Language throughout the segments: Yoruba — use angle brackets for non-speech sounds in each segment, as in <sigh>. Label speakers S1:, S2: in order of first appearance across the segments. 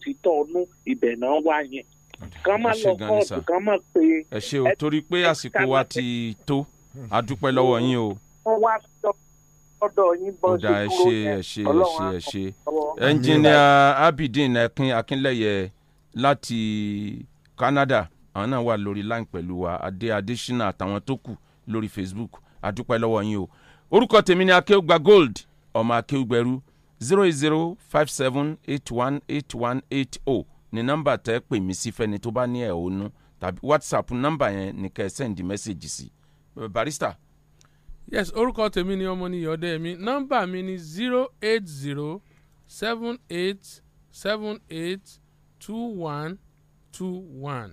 S1: òtítọ́ ọdún ibẹ̀ náà wá yẹn kàn má lọ kóòtù kàn má pe. ẹ
S2: ṣe o torí pé àsìkò wa ti tó a dúpẹ́ lọ́wọ́ yín o.
S1: wọ́n wá sọ ọ̀dọ̀ yín bọ́ sí kúrò yẹn ọlọ́run á
S2: kọ́ ẹnjìnìà Abidin Akin Akínlẹ́yẹ láti Canada àwọn náà wà lórí line pẹ̀lú wa adé adésínà àtàwọn tó kù lórí Facebook a dúpẹ́ lọ́wọ́ yín o orúkọ tèmi ni akéwùgbà gold ọmọ akéwùgbẹ̀rú Zero zero eight five seven 08057818180 ní nọ́mbà tẹ́ pè mí sí fẹ́ni tó bá ní ẹ̀hónú tàbí whatsapp nọ́mbà yẹn ní kẹ́ ẹ sẹ́ndì mẹ́sẹ̀gì sí barista. yes orúkọ tèmi ni ọmọ nìyí ọdẹ mi nọ́mbà mi ni zero eight zero seven eight seven eight two one two one.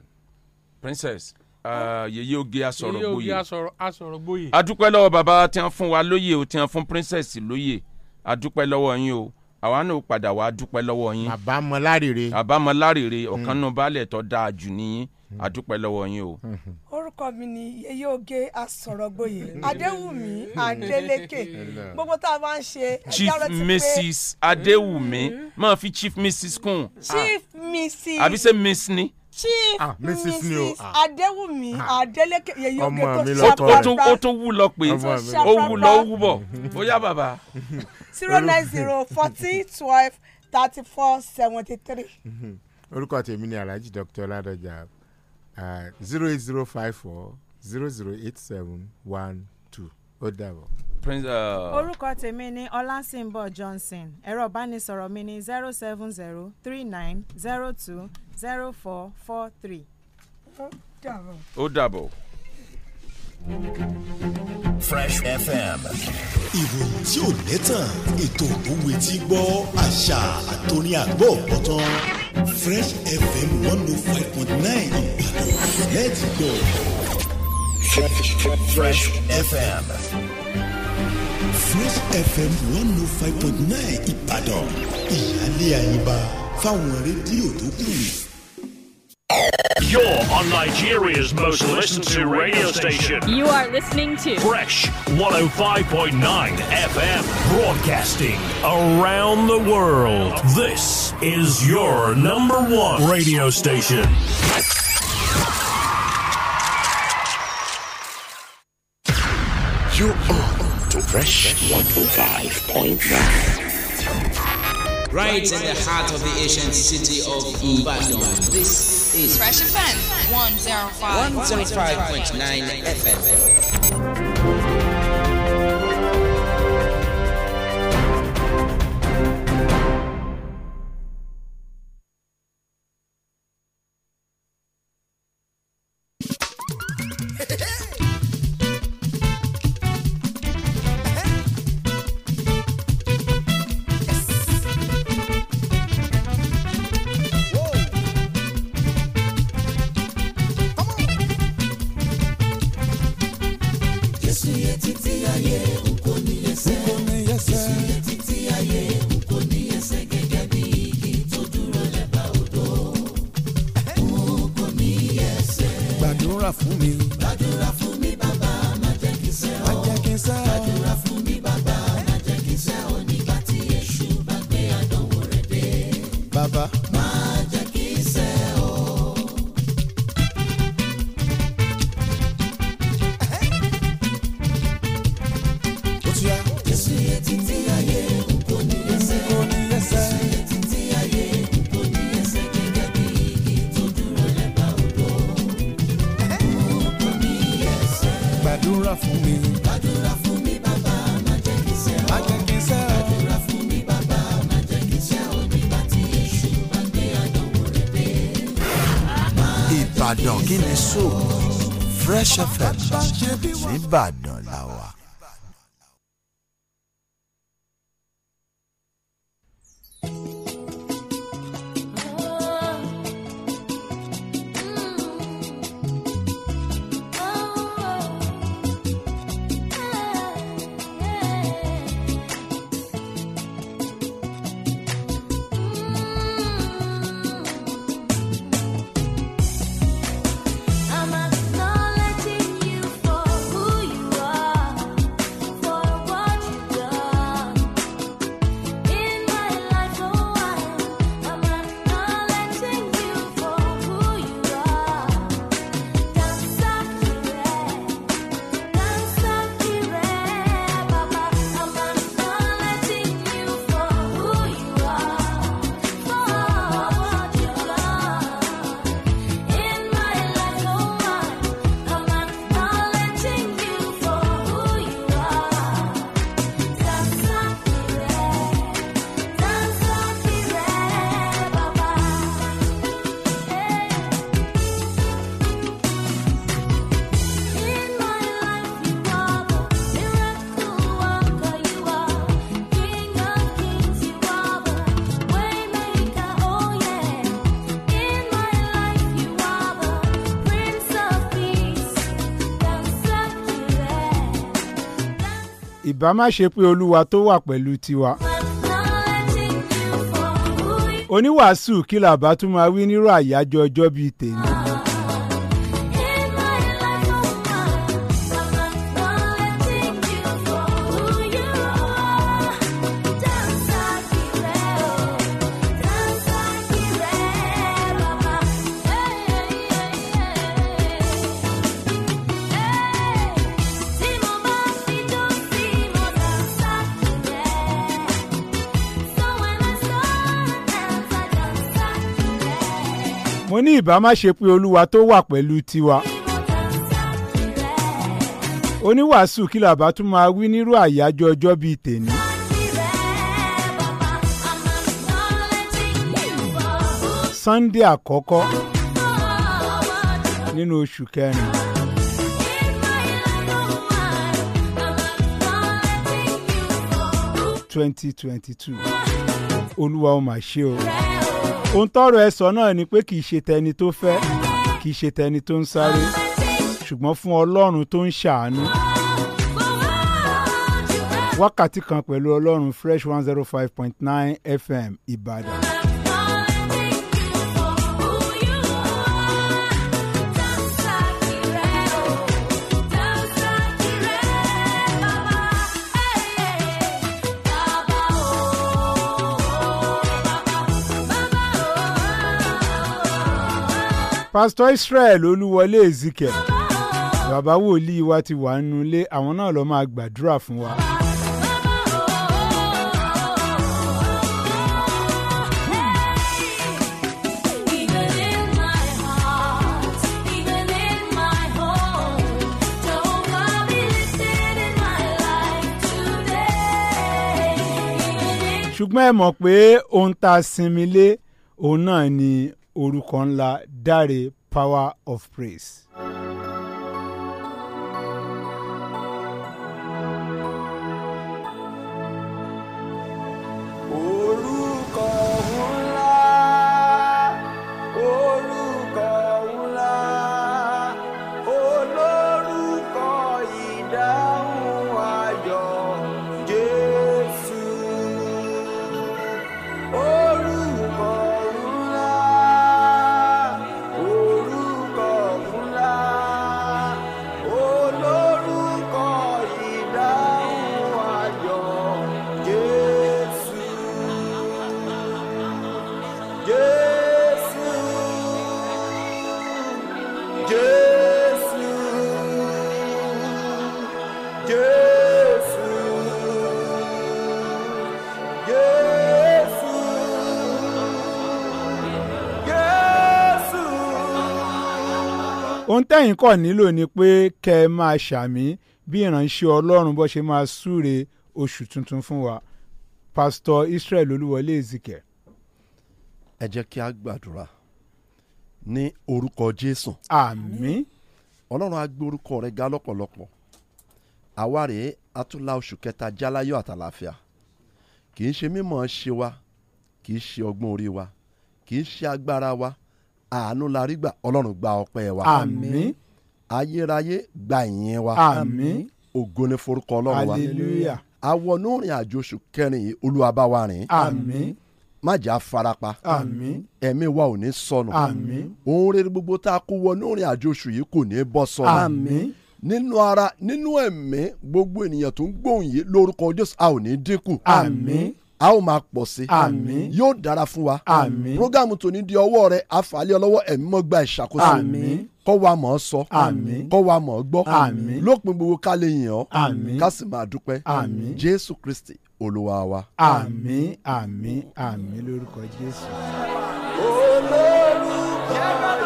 S2: princess ah, yèyé oge asọ̀rọ̀ gboyè yèyé oge asọ̀rọ̀ gboyè. adúpẹ́ lọ́wọ́ bàbá tí wọ́n fún wa lóyè o tí wọ́n fún princess lóyè a dúpẹ́ lọ́wọ́ yín o àwa náà padà wá dúpẹ́ lọ́wọ́ yín. àbámọ̀lárèrè. àbámọ̀lárèrè ọ̀kan náà baálẹ̀ tó dáa jù nìyí a dúpẹ́ lọ́wọ́ yín o.
S3: orúkọ mi ni yeye oge asọ̀rọ̀gboyè adéwùmí adélékè gbogbo tá a máa ń ṣe. chief mrs
S2: adéwùmí máa fi chief mrs kún. chief
S3: mrs. àbí ṣe miss ni chief ah, mrs, mrs. Ah. adéwùmí ah. adélékè yeye oge tó ṣàpàpà ó
S2: tún wú lọ pé ó wú lọ ó wú bọ̀ ó yá bàbá zero nine zero
S3: forty twelve thirty four seventy three.
S4: Mhm. orúkọ tèmi ni alhaji dr ọládọjà zero eight zero five four zero zero eight seven one
S2: two ó dàbọ̀. Uh,
S5: orúkọ tèmi ni ọlásìnbọ johnson ẹ̀rọ ìbánisọ̀rọ̀ mi ni zero seven zero three nine zero two zero four four
S6: three. ó dàbọ̀.
S2: ó dàbọ̀. Fresh FM.
S7: ìròyìn tí ò lẹ́tàn ètò òwe tí gbọ́ àṣà àtòní àgbọ̀ ọ̀pọ̀tán Fresh FM one oh five point nine Ìbàdàn let's go. Fresh FM. Fresh FM one oh five point nine Ìbàdàn ìyáálé àyíbá fáwọn rédíò tó kù.
S6: You're on Nigeria's most listened to radio station. You are listening to Fresh 105.9 FM, broadcasting around the
S2: world. This is your number one radio station.
S7: You are on to Fresh 105.9
S5: right in the heart of the ancient city of Ibadan. This is
S6: Fresh Offense 105.9 105. 105. 105.
S7: Lisbon.
S4: ìbá má ṣe pé olúwa tó wà pẹ̀lú tiwa. oníwàásù kí làbá tún máa wí nírú àyájọ́ ọjọ́ bíi tèmi. ìbá má ṣe pé olúwa tó wà pẹ̀lú tiwa. oníwàásù kí làbá tún máa wí nírú àyájọ́ ọjọ́ bíi tèmi. Sunday àkọ́kọ́ nínú oṣù kẹrin. twenty twenty two olúwa ó mà ṣe o ohun tọrọ ẹ sọ náà ni pé kì í ṣe tẹni tó fẹ́ kì í ṣe tẹni tó ń sáré ṣùgbọ́n fún ọlọ́run tó ń ṣàánú wákàtí kan pẹ̀lú ọlọ́run fresh one zero five point nine fm ìbàdàn. pásítọ̀ Israel Olúwọlé Ezekiel bàbá wòlíì wa ti wà nínú ilé àwọn náà lọ máa gbàdúrà fún wa. ṣùgbọ́n ẹ mọ̀ pé ohun tá a sinmi lé òun náà ni orúkọ ńlá Dáre Power of Praise. ohun tẹ́yìn kọ̀ nílò ni pé kẹ́ ẹ máa ṣàmì bí ìránṣẹ́ ọlọ́run bó ṣe máa súre oṣù tuntun fún wa pásítọ̀ Israel Olúwọlé Ezike.
S7: ẹ jẹ́ kí a gbàdúrà ní orúkọ Jésù. Àmì, ọlọ́run á gbé orúkọ rẹ̀ ga lọ́pọ̀lọpọ̀ àwa rèé atúlá oṣù kẹta jáláyọ̀ àtàlàfíà kì í ṣe mímọ̀ ṣe wa kì í ṣe ọgbọ́n orí wa kì í ṣe agbára wa àánú la rí gbà ọlọ́run gba ọpẹ́ wa. àmín. ayérayé gba ìyìn wa. àmín. ògo ni forúkọ ọlọ́run wa. hallelujah. àwọnú rìn àjò oṣù kẹrin yìí olúwa bá wa rìn. àmín má jà farapa. àmín. ẹ̀mí wa ò ní sọnù. àmín. ohun rere gbogbo tá a kó wọnú rìn àjò oṣù yìí kò ní bọ́ sọnù. àmín. nínú ara nínú ẹ̀mí gbogbo ènìyàn tó ń gbóhùn yìí lórúkọ jésù a ò ní dínkù. àmín. àmín a ó máa pọ̀ sí. àmín. yóò dára fún wa. àmín. programu tòní di ọwọ́ rẹ àfàlẹ́ ọlọ́wọ́ ẹ̀mí mọ́ gba ìṣàkóso. àmín. kọ́ wa mọ̀ ọ́ sọ. àmín. kọ́ wa mọ̀ ọ́ gbọ́. àmín. lópin gbogbo ká lè yìn ọ́. àmín. ká sì máa dúpẹ́. àmín. jésù kristi olúwa wa. àmín àmín
S4: àmín lórúkọ jésù.
S6: olórúkọ.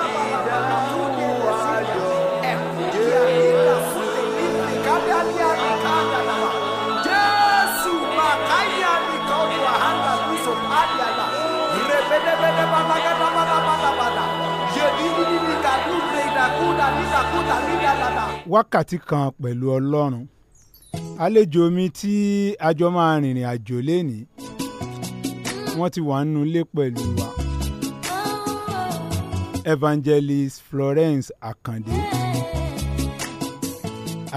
S4: wákàtí kan pẹ̀lú ọlọ́run àlejò mi tí a máa rìnrìn àjò lénìí wọ́n ti wà nínú ilé pẹ̀lú wa evangelist Florence Akande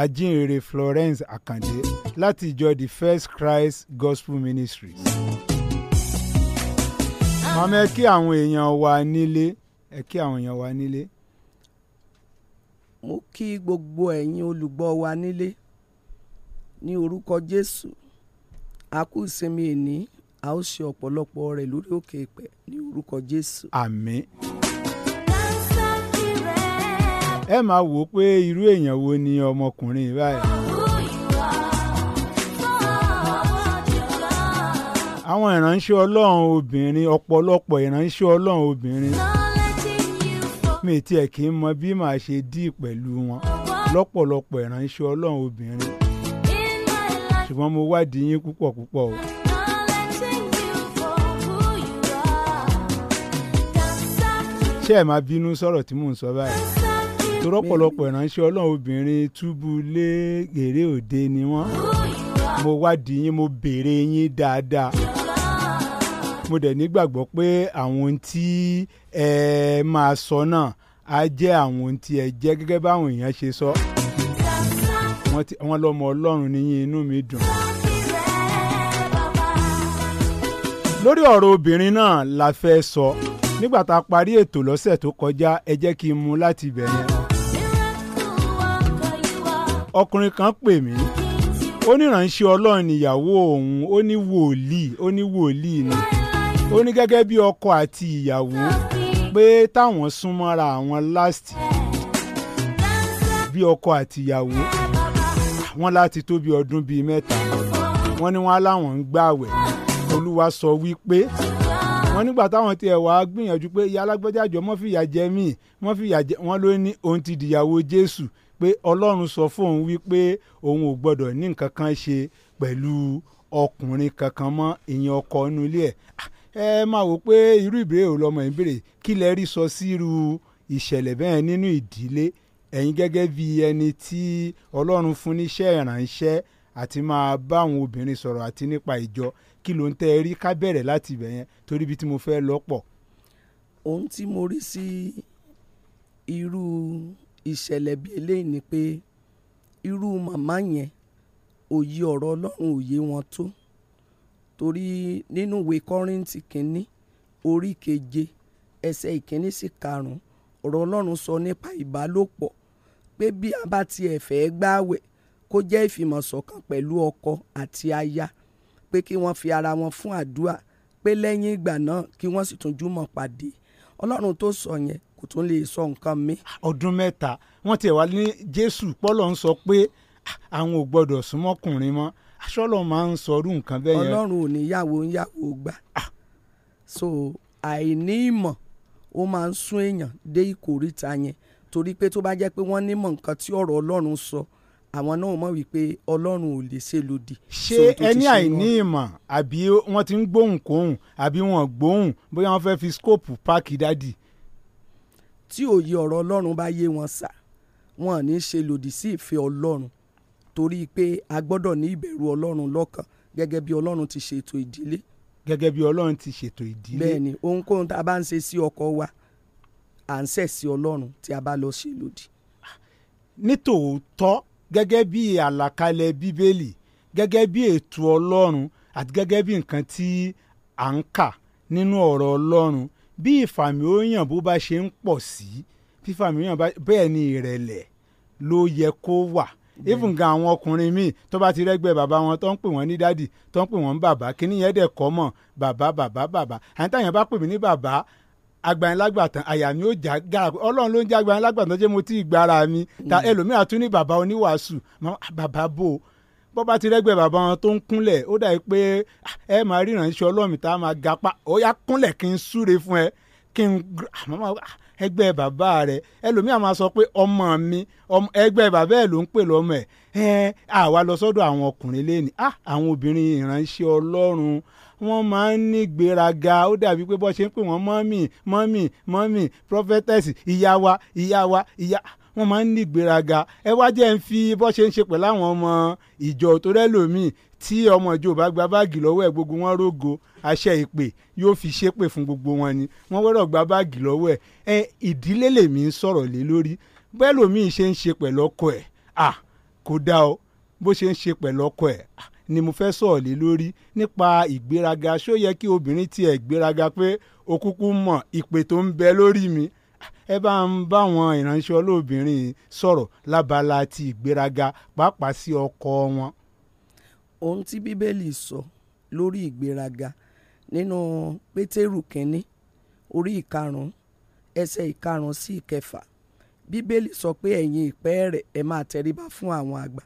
S4: ajínrere Florence Akande láti ìjọ the First Christ Gospel Ministries màmá ẹ kí àwọn èèyàn wa nílé ẹ kí àwọn èèyàn wa nílé
S3: mo kí gbogbo ẹ̀yin olùgbọ́ wa nílé ní orúkọ Jésù a ìsinmi ìní a ó ṣe ọ̀pọ̀lọpọ̀ rẹ̀ lórí òkè ìpẹ́ ní orúkọ Jésù. àmín.
S4: ẹ máa wò ó pé irú èèyàn wo ni ọmọkùnrin báyìí. àwọn ìránṣẹ́ Ọlọ́run obìnrin ọ̀pọ̀lọpọ̀ ìránṣẹ́ Ọlọ́run obìnrin mi tiẹ̀ kì í mọ bí màá ṣe dí pẹ̀lú wọn lọ́pọ̀lọpọ̀ ìránṣẹ́ ọlọ́run obìnrin ṣùgbọ́n mo wádìí yín púpọ̀ púpọ̀ o. ṣé ẹ máa bínú sọ̀rọ̀ tí mò ń sọ báyìí tó rọ́pọ̀lọpọ̀ ìránṣẹ́ ọlọ́run obìnrin túbú lé gèrè òde ni wọ́n mo wádìí yín mo béèrè yín dáadáa mo dẹ̀ nígbàgbọ́ pé àwọn ohun tí ẹ máa sọ náà á jẹ́ àwọn ohun tí ẹ jẹ́ gẹ́gẹ́ báwọn èèyàn ṣe sọ. wọ́n lọ́mọ ọlọ́run níyìn inú mi dùn. lórí ọ̀rọ̀ obìnrin náà la fẹ́ sọ nígbà tá a parí ètò lọ́sẹ̀ tó kọjá ẹ jẹ́ kí n mú láti bẹ̀rẹ̀. ọkùnrin kan pè mí ó ọlọ́run níyàwó òun ó ní wòlíì ó ní wòlíì ni ó ní gẹ́gẹ́ bí ọkọ àti ìyàwó pé táwọn súnmọ́ra àwọn last bí ọkọ àti ìyàwó wọ́n láti tó bí ọdún bíi mẹ́ta wọ́n ní wọ́n láwọn ń gbààwẹ̀ olúwa sọ wípé wọ́n nígbà táwọn tiẹ̀ wá gbìyànjú pé ìyá alágbẹ́jájọ wọ́n fìyà jẹ mí wọ́n fìyà jẹ wọ́n ló ní òun ti dìyàwó jésù pé ọlọ́run sọ fóun wípé òun ò gbọ́dọ̀ ní nǹkan kan ṣe pẹ̀lú ọkùnrin kankan mọ́ ìyẹn ọkọ inú ilé ẹ̀ ah, ẹ máa wò pé irú ìbéèrè ò lọmọ yìí béèrè kí lẹ rí sọ sí irú ìṣẹ̀lẹ̀ bẹ́ẹ̀ nínú ìdílé ẹ̀yin gẹ́gẹ́ bí ẹni tí Ọlọ́run fún níṣẹ́ ìrànṣẹ́ àti máa bá àwọn obìnrin sọ̀rọ̀ àti nípa ìjọ kí ló ń tẹ́ ẹ rí ká bẹ̀rẹ̀ láti ibẹ̀
S3: yẹn torí ibi tí mo fẹ́ lọ́pọ̀. ohun tí mo rí sí irú ìṣẹ̀lẹ̀ bíi eléyìí ni pé irú màmá yẹn òye ọ̀rọ̀ Ọlọ́run òye wọn tó torí nínú ìwé Kọ́ríńtì kínní orí keje ẹsẹ̀ ìkíní sí karùn-ún ọ̀rọ̀ Ọlọ́run sọ nípa ìbálòpọ̀ pé bí a bá tiẹ̀ fẹ́ gbààwẹ̀ kó jẹ́ ìfìmọ̀ṣọ̀kan pẹ̀lú ọkọ àti aya pé kí wọ́n fi ara wọn fún àdúrà pé lẹ́yìn ìgbà náà kí wọ́n sì tún jùmọ̀ pàdé Ọlọ́run tó sọ yẹn kò tún lè sọ nǹkan mi. ọdún mẹ́ta wọ́n ti wá ní Jésù pọ́lọ́ ń sọ pé àwọn ò gbọ́dọ̀ súnmọ́kùnrin mọ́ aṣọ́lọ̀ máa ń sọrú nǹkan bẹ́ẹ̀ yẹn. ọlọ́run ò ní yàwó ń yàwó gbà so àìní ìmọ̀ ó máa ń sún èèyàn dé ìkórìtà yẹn torí pé tó bá jẹ́ pé wọ́n nímọ̀ nǹkan tí ọ̀rọ̀ ọlọ́run sọ àwọn náà mọ̀ wípé ọlọ́run ò lè ṣe lòdì. ṣé ẹni àìní ìmọ̀
S4: àbí wọ́n ti ń gbóhùn kóhùn àbí
S3: wọ́n gbóhùn bóyá wọ́n fẹ́ẹ́ fi skóòpù páàkì dádì. tí òye ọ̀rọ̀ ọlọ́run bá yé wọn sà wọn ò ní ṣe lòdì sí ìfẹ́ ọlọ́run torí pé a gbọ́dọ̀ ní ìbẹ̀rù ọlọ́run lọ́kàn gẹ́gẹ́ bí ọlọ́run ti ṣètò ìdílé. gẹ́gẹ́ bí ọlọ́run ti ṣètò ìdílé. bẹ́ẹ̀ni ohunkóhun tá a bá ń ṣe sí ọkọ wa à ń ṣẹ̀ sí ọlọ́run tí a bá lọ ṣe lòdì. nítòótọ́ gẹ́gẹ́ bí àlàkalẹ̀
S4: bíbélì gẹ́gẹ́ bí ètò ọlọ́run àti gẹ́gẹ́ bí nǹkan tí à ń kà nínú ọ̀rọ̀ ọlọ́run bí ìfàmì òyàn bó bá ṣe ń pọ̀ sí fífàmì òyàn bẹ́ẹ̀ ni ìrẹ̀lẹ̀ ló yẹ kó wà even gan àwọn ọkùnrin míì tó bá ti rẹ́gbẹ́ bàbá wọn tó ń pè wọ́n ní dádì tó ń pè wọ́n ní bàbá kíní yẹn dẹ̀ kọ́ mọ̀ bàbá bàbá bàbá àyìn táyàn bá pè mí ní bàbá agbanlágbàtàn àyà mi ó já gara ọlọ́run ló ń já agbanlágbàtàn jẹ́ mo ti gbára mi ta hmm. ẹlòmíràn tún ní bàbá oníwàásù bàbá bò ó bọ́ bá ti rẹ́gbẹ́ bàbá wọn tó ń kúnlẹ̀ ó dàbí pé ah, ẹ máa ríran iṣẹ́ ọlọ́mìta máa gapá ó yá kúnlẹ̀ kí n súre fún ẹ kí n màmá ẹgbẹ́ bàbá rẹ̀ ẹlòmíà máa sọ pé ọmọ mi ẹgbẹ́ bàbá ẹ̀ ló ń pè lọ́mọ ẹ̀ ẹ̀ àwa lọ sọ́dọ̀ àwọn ọkùnrin lẹ́ni àwọn obìnrin ìránṣẹ́ ọlọ́run wọ́n máa ń ní gbéraga ó dàbí pé bọ́ ṣe ń pè wọ́n mọ́mì mọ́mì mọ́mì prophetess ìyá wa ìyá wa ìyá wọ́n máa ń ní ìgbéraga ẹ wá jẹ́ ń fi bọ́ ṣe ń ṣe pẹ̀lú àwọn ọmọ ìjọ tó rẹ́lòmíì tí ọmọ ìjọ bá gba báàgì lọ́wọ́ ẹ̀ gbogbo wọn rògo àṣẹ ìpè yóò fi ṣépè fún gbogbo wọn ni wọ́n wẹ́rọ̀ gba báàgì lọ́wọ́ ẹ̀ ẹ ìdílé lèmi ń sọ̀rọ̀ lé lórí bẹ́lòmíì ṣe ń ṣe pẹ̀lú ọkọ ẹ̀ à kò dá o bó ṣe ń ṣe pẹ̀lú ọkọ ẹ̀ ni mo fẹ́ sọ̀rọ̀ lé lórí nípa ìgbéraga ṣó yẹ kí obìnrin tiẹ̀ gbéraga pé òkúkú mọ̀ ìpè tó ń bẹ lórí mi ẹ bá ń bá àwọn ìránṣẹ́ olóbìnrin sọ̀rọ̀ lábala ti ìgbéraga pàápàá sí ọkọ wọn.
S3: ohun tí bíbélì sọ lórí ìgbéraga nínú pétérù kínní orí ìkarùn-ún ẹsẹ̀ ìkarùn-ún sí ìkẹfà bíbélì sọ pé ẹ̀yin ìpẹ́ rẹ̀ ẹ máa tẹríba fún àwọn àgbà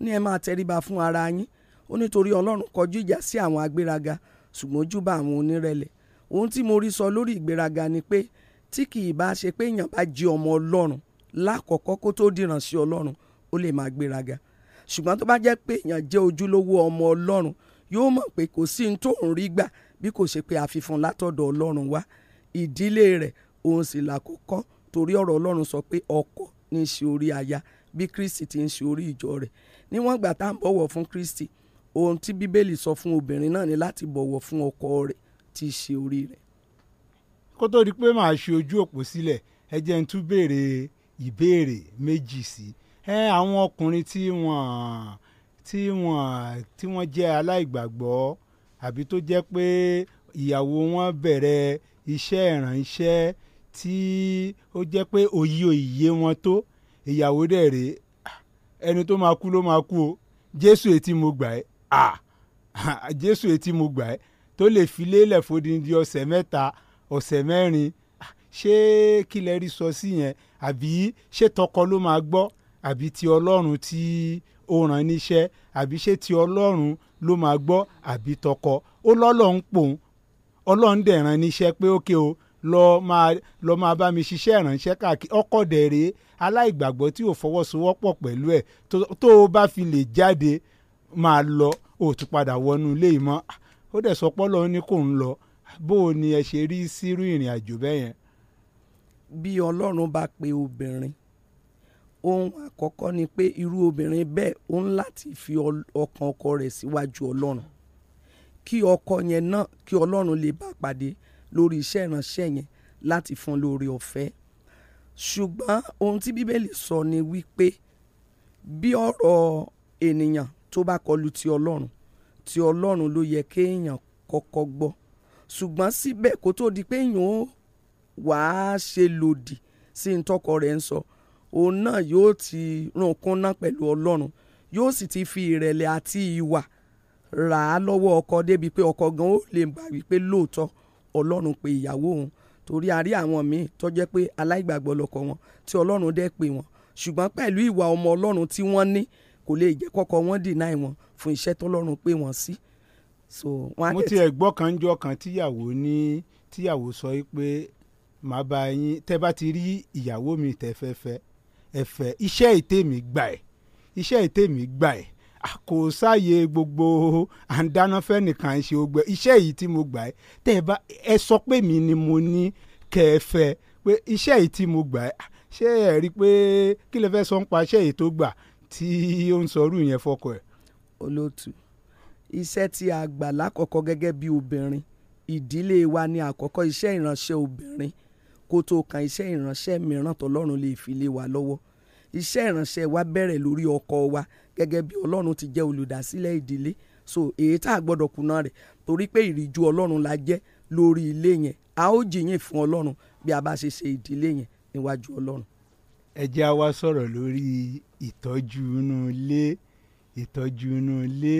S3: ó ní ẹ máa tẹríba fún ara yín ó nítorí ọlọ́run kọjú ìjà sí àwọn agbéraga ṣùgbọ́n júbà àwọn onírẹ̀lẹ̀ ohun tí mo rí sọ lórí ìgbéraga ni pé tí kì í bá ṣe pé èèyàn bá jẹ́ ọmọ ọlọ́run lákọ̀ọ́kọ́ kó tó dìran sí ọlọ́run ó lè máa gbéraga ṣùgbọ́n tó bá jẹ́ pé èèyàn jẹ́ ojúlówó ọmọ ọlọ́run yóò mọ̀ pé kò sí ní tóun rí gbà bí kò ṣe pé àfihàn látọ̀dọ̀ ọlọ́run wá ìdílé rẹ̀ òun sì làkọ́kọ́ torí ọ̀rọ̀ ọlọ́run sọ pé ọkọ ní ṣe orí aya bí kristi ti ń ṣe orí ìjọ rẹ̀ níwọ̀n gbà tá à ń bọ̀wọ̀ fún kristi ohun tí bíbélì sọ fún obìnrin náà ni láti bọ̀wọ̀ fún ọkọ rẹ̀ tí ṣe orí rẹ̀ kó tó di pé màá ṣe ojú òpó sílẹ̀ ẹ jẹ́ n tún béèrè
S4: ìbéèrè méjì sí ẹ àwọn ọkùnrin tí wọ́n tí wọ́n tí wọ́n jẹ́ aláìgbàgbọ́ àbí tó jẹ́ pé ìyàwó wọn bẹ̀rẹ̀ iṣẹ́ ìrànṣẹ́ tí ó jẹ́ pé òye òye wọn tó ìyàwó dẹ̀ rè ẹni tó máa kú ló máa kú o jésù etí mo gbà ẹ́ à <laughs> jésù etí mo gbà ẹ́ tó lè fi lélẹ̀ fódìdí ọ̀sẹ̀ mẹ́ta ọ̀sẹ̀ mẹ́rin ṣé kí lẹ rí sọ sí yẹn àbí ṣé tọkọ ló máa gbọ́ àbí ti ọlọ́run tí ó rán níṣẹ́ àbí ṣé ti ọlọ́run ló máa gbọ́ àbí tọkọ ó lọ́lọ́run pòun ọlọ́run dẹ̀ rán níṣẹ́ pé ókè o lọ máa lọ máa bá mi ṣiṣẹ́ ìrànṣẹ́ káàkiri ọkọ dẹ̀ rèé aláìgbàgbọ́ tí ò fọwọ́sowọ́pọ̀ pẹ̀lú ẹ̀ tó o bá fi lè jáde máa lọ o padà wọnú ilé ìmọ̀ ó dẹ̀ sọ pé ọlọ́run ní kò ń lọ bó o ní ẹ ṣe rí sírú ìrìn àjò bẹ́ẹ̀ yẹn. bí ọlọ́run bá pe
S3: obìnrin ohun àkọ́kọ́ ni pé irú obìnrin bẹ́ẹ̀ ó ń láti fi ọkàn ọkọ rẹ̀ síwájú ọlọ́run kí ọkọ yẹn náà kí ọlọ́run lè bá pàdé lórí iṣẹ́ ìránṣẹ́ yẹn láti fún lórí ọ̀fẹ́ ṣùgbọ́n ohun tí bíbélì sọ ni wípé bí ọ̀rọ̀ ènìyàn tó bá kọlu ti ọlọ́run ti ọlọ́run ló yẹ kéèyàn kọ́kọ́ gbọ́ ṣùgbọ́n síbẹ̀ kó tó di pé èèyàn ó wàá ṣe lòdì sí ntọ́kọ rẹ̀ ń sọ òun náà yóò ti ràn kúnná pẹ̀lú ọlọ́run yóò sì ti fi ìrẹ̀lẹ̀ àti ìwà rà á lọ́wọ́ ọkọ débi pé ọkọ gan ó lè gbà wípé lóòótọ́ ọlọ́run pe ìyàwó òun torí a rí àwọn míì tó jẹ́ pé aláìgbàgbọ́ lọ́kọ wọn tí ọlọ́run dẹ́ pè wọ́n ṣùgbọ́n pẹ̀lú ìwà ọmọ ọlọ́run tí wọ́n ní kò lè jẹ́ kọ́kọ́ wọn dìnáì wọn fún iṣẹ́ tọ́lọ́run pè wọ́n sí. Si so wọn. mo ti ẹ̀ gbọ́ kan jọ kan tíyàwó
S4: ní tíyàwó sọ pé màá bá yín tẹ́ bá ti rí ìyàwó mi tẹ́ fẹ́ fẹ́ ẹ fẹ́ iṣẹ́ ètè mi gbà ẹ̀ iṣẹ́ ètè mi gbà ẹ̀ kò sáàyè gbogbo à ń dáná fẹ́ nìkan ṣe ogbẹ iṣẹ́ yìí tí mo gbà ẹ̀ tẹ́ bá ẹ sọ pé mi ni mo ní kẹ́ pé iṣẹ́ yìí tí mo gbà ẹ̀ ṣé ẹ rí i pé kí lè fẹ́ sọ ń pa iṣẹ́ yìí tó gbà tí ó ń sọ irú yẹn fọkọ ẹ̀.
S3: olóòtú iṣẹ́ tí a gbà lákọ̀ọ́kọ́ gẹ́gẹ́ bí obìnrin ìdílé wa ni àkọ́kọ́ iṣẹ́ ìránṣẹ́ obìnrin kó tó kan iṣẹ́ ìránṣẹ́ mìíràn tọ́lọ́run lè fi lé wa lọ́wọ́ iṣẹ́ ìránṣẹ́ wa bẹ̀rẹ̀ lórí ọkọ wa gẹ́gẹ́ bí ọlọ́run ti jẹ́ olùdásílẹ̀ ìdílé so èyí tá a gbọ́dọ̀ kùnà rẹ̀ torí pé ìríjú ọlọ́run la jẹ́ lórí ilé yẹn a ó jìyìn fún ọlọ́run bí a bá ṣe ṣe ìdílé yẹn níwájú ọlọ́run. ẹ jẹ́ wá sọ̀rọ̀ lórí ìtọ́jú inú ilé ìtọ́jú
S4: inú ilé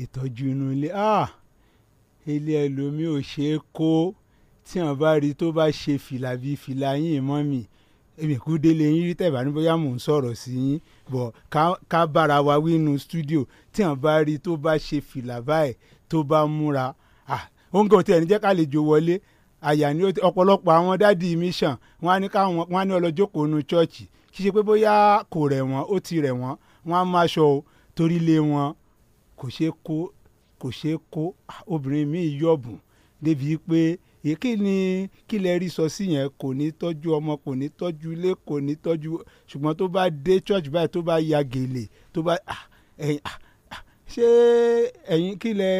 S4: ìtọ́jú inú ilé ah ilé ẹlòmíì ò ṣe é kó tí wọn bá rí tó bá ṣe fìlà bíi fìlà yín mọ́ mi èmi kú délé yín rí tẹ̀bá ní bóyá mò ń sọ̀rọ̀ sí yín bọ̀ ká bára wa wí inú stúdíò tí wọn bá rí tó bá ṣe fìlà báyìí tó bá múra ah òun kò tiẹ̀ ní jẹ́ ká lè jò wọlé àyà ni ọ̀pọ̀lọpọ̀ àwọn dádì mi sàn wọ́n á ní káwọn wọ́n á ní ọlọ́jókòó nu chọ́ọ̀chì ṣíṣe pé bóyá kò rẹ̀ wọ́n ó ti rẹ̀ wọ́n wọ́n á máa ṣọ torí lé wọn kò ṣeé kó kò ṣeé kó obìnrin mi yọ̀bùn débi pé èké ni kí lẹ rí sọ sí yẹn kò ní tọ́jú ọmọ kò ní tọ́jú ilé kò ní tọ́jú ṣùgbọ́n tó bá dé church báyìí tó bá ya gèlè tó bá ẹ̀yin ṣé ẹ̀yin kí lẹ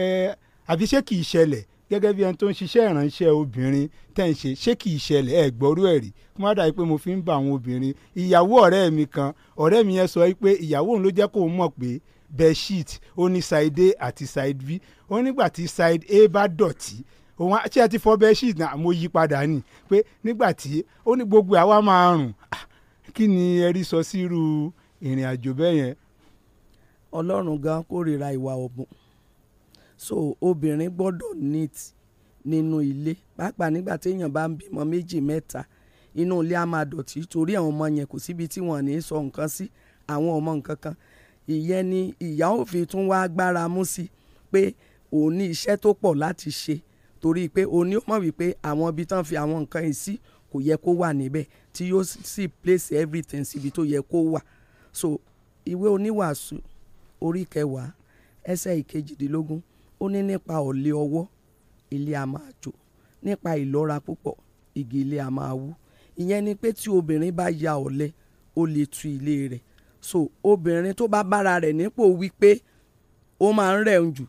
S4: àbí ṣé kì í ṣẹlẹ̀ gẹ́gẹ́ bí ẹni tó ń ṣiṣẹ́ ìránṣẹ́ obìnrin tẹ̀ ń ṣe ṣé kì í ṣẹlẹ̀ ẹ̀ gbọ́rú ẹ̀rí kí wọ́n dàbí pé mo fi ń bá àwọn obìnrin ìyàwó ọ̀rẹ́ mi kan ọ̀rẹ́ mi yẹn sọ pé ìyàwó òun ló jẹ́ kó mọ̀ pé bedsheet ó ní side a àti side b ó nígbà tí side a bá dọ̀tí òun ṣé ẹ ti fọ bedsheet náà mo yí padà ni pé nígbà tí ó ní gbogbo àwa máa rùn ah,
S3: kí ni ẹ rí sọ sírú ìrìn àjò bẹ́ẹ̀ yẹn. ọlọ́run gan kórìíra ìwà ọ̀bùn so obìnrin gbọ́dọ̀ neat nínú ilé pàápàá nígbà téèyàn bá ń bímọ méjì mẹ́ta inú ilé á máa dọ̀tí torí àwọn ọmọ yẹn kò síbi tí wọ́n ní sọ nǹkan sí àwọn ọmọ nǹkan kan ìyẹn ni ìyá ò fi tún wá agbára mú sí pé òun ní iṣẹ́ tó pọ̀ láti ṣe torí pé òun ní ó mọ̀ wípé àwọn ibi tán fi àwọn nǹkan yìí sí kò yẹ kó wà níbẹ̀ tí yóò sì place everything síbi tó yẹ kó wà so ìwé oníwàásù orí kẹwàá ẹsẹ̀ ìkejìdínlógún ó ní nípa ọ̀lẹ ọwọ́ ilé a máa jò nípa ìlọ́ra púpọ̀ igi ilé a máa wú ìyẹn ni pé tí obìnrin bá ya ọ̀lẹ ó lè tu ilé rẹ̀ so obìnrin tó bá bára rẹ̀ nípò wípé ó máa ń rẹ̀un jù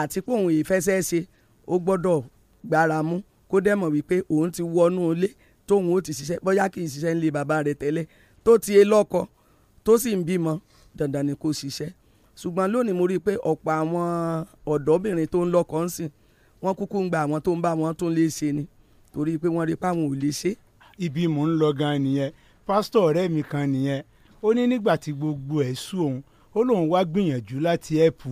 S3: àti pé òun ìfẹsẹ̀ ṣe ó gbọ́dọ̀ gbára mú kó dẹ̀ mọ̀ wípé òun ti wọnú ilé tóun ó ti ṣiṣẹ́ bóyá kì í ṣiṣẹ́ ńlé bàbá rẹ̀ tẹ́lẹ̀ tó ti e lọ́kọ tó sì ń bímọ dandan ni kó ṣiṣẹ́ ṣùgbọ́n lónìí mo rí i pé ọ̀pọ̀ àwọn ọ̀dọ́bìnrin tó ń lọ́kọ ń sìn wọ́n kúkú ń gba àwọn tó ń bá wọn tó ń lè ṣe ni torí pé wọ́n rí i pé àwọn ò lè ṣe. ibi mò ń lọ gan nìyẹn pásítọ̀
S4: ọ̀rẹ́ mi kan nìyẹn ó ní nígbà tí gbogbo ẹ̀ sú òun ó lóun wá gbìyànjú láti ẹ̀pù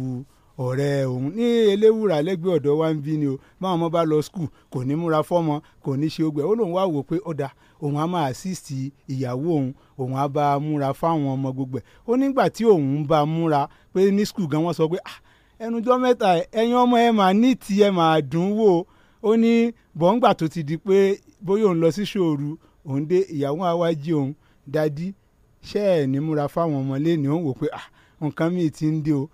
S4: ọ̀rẹ́ òun ní eléwúrà lẹ́gbẹ̀ẹ́ ọ̀dọ̀ wa ń bí ni o báwọn ọmọ bá lọ skul kò ní múra fọ́mọ kò ní ṣe ogbẹ́ ó lóun wá wò pé ó da òun á máa assist ìyàwó òun òun á bá a múra fáwọn ọmọ gbogbo ẹ̀ ó nígbà tí òun bá a múra pé ní skul gan wọ́n sọ pé ah, ẹnujọ́ mẹ́ta ẹ̀yin ọmọ ẹ máa ní ti ẹ máa dùn wò ó ní bọ́ǹgbà tó ti di pé bóyá òun lọ sí ṣòru òun dé ìyàwó àwájí òun dadi ṣé ẹ̀ ní múra fáwọn ọmọ lẹ́ni ó ń wò pé ah, nǹkan míì ti ń dé o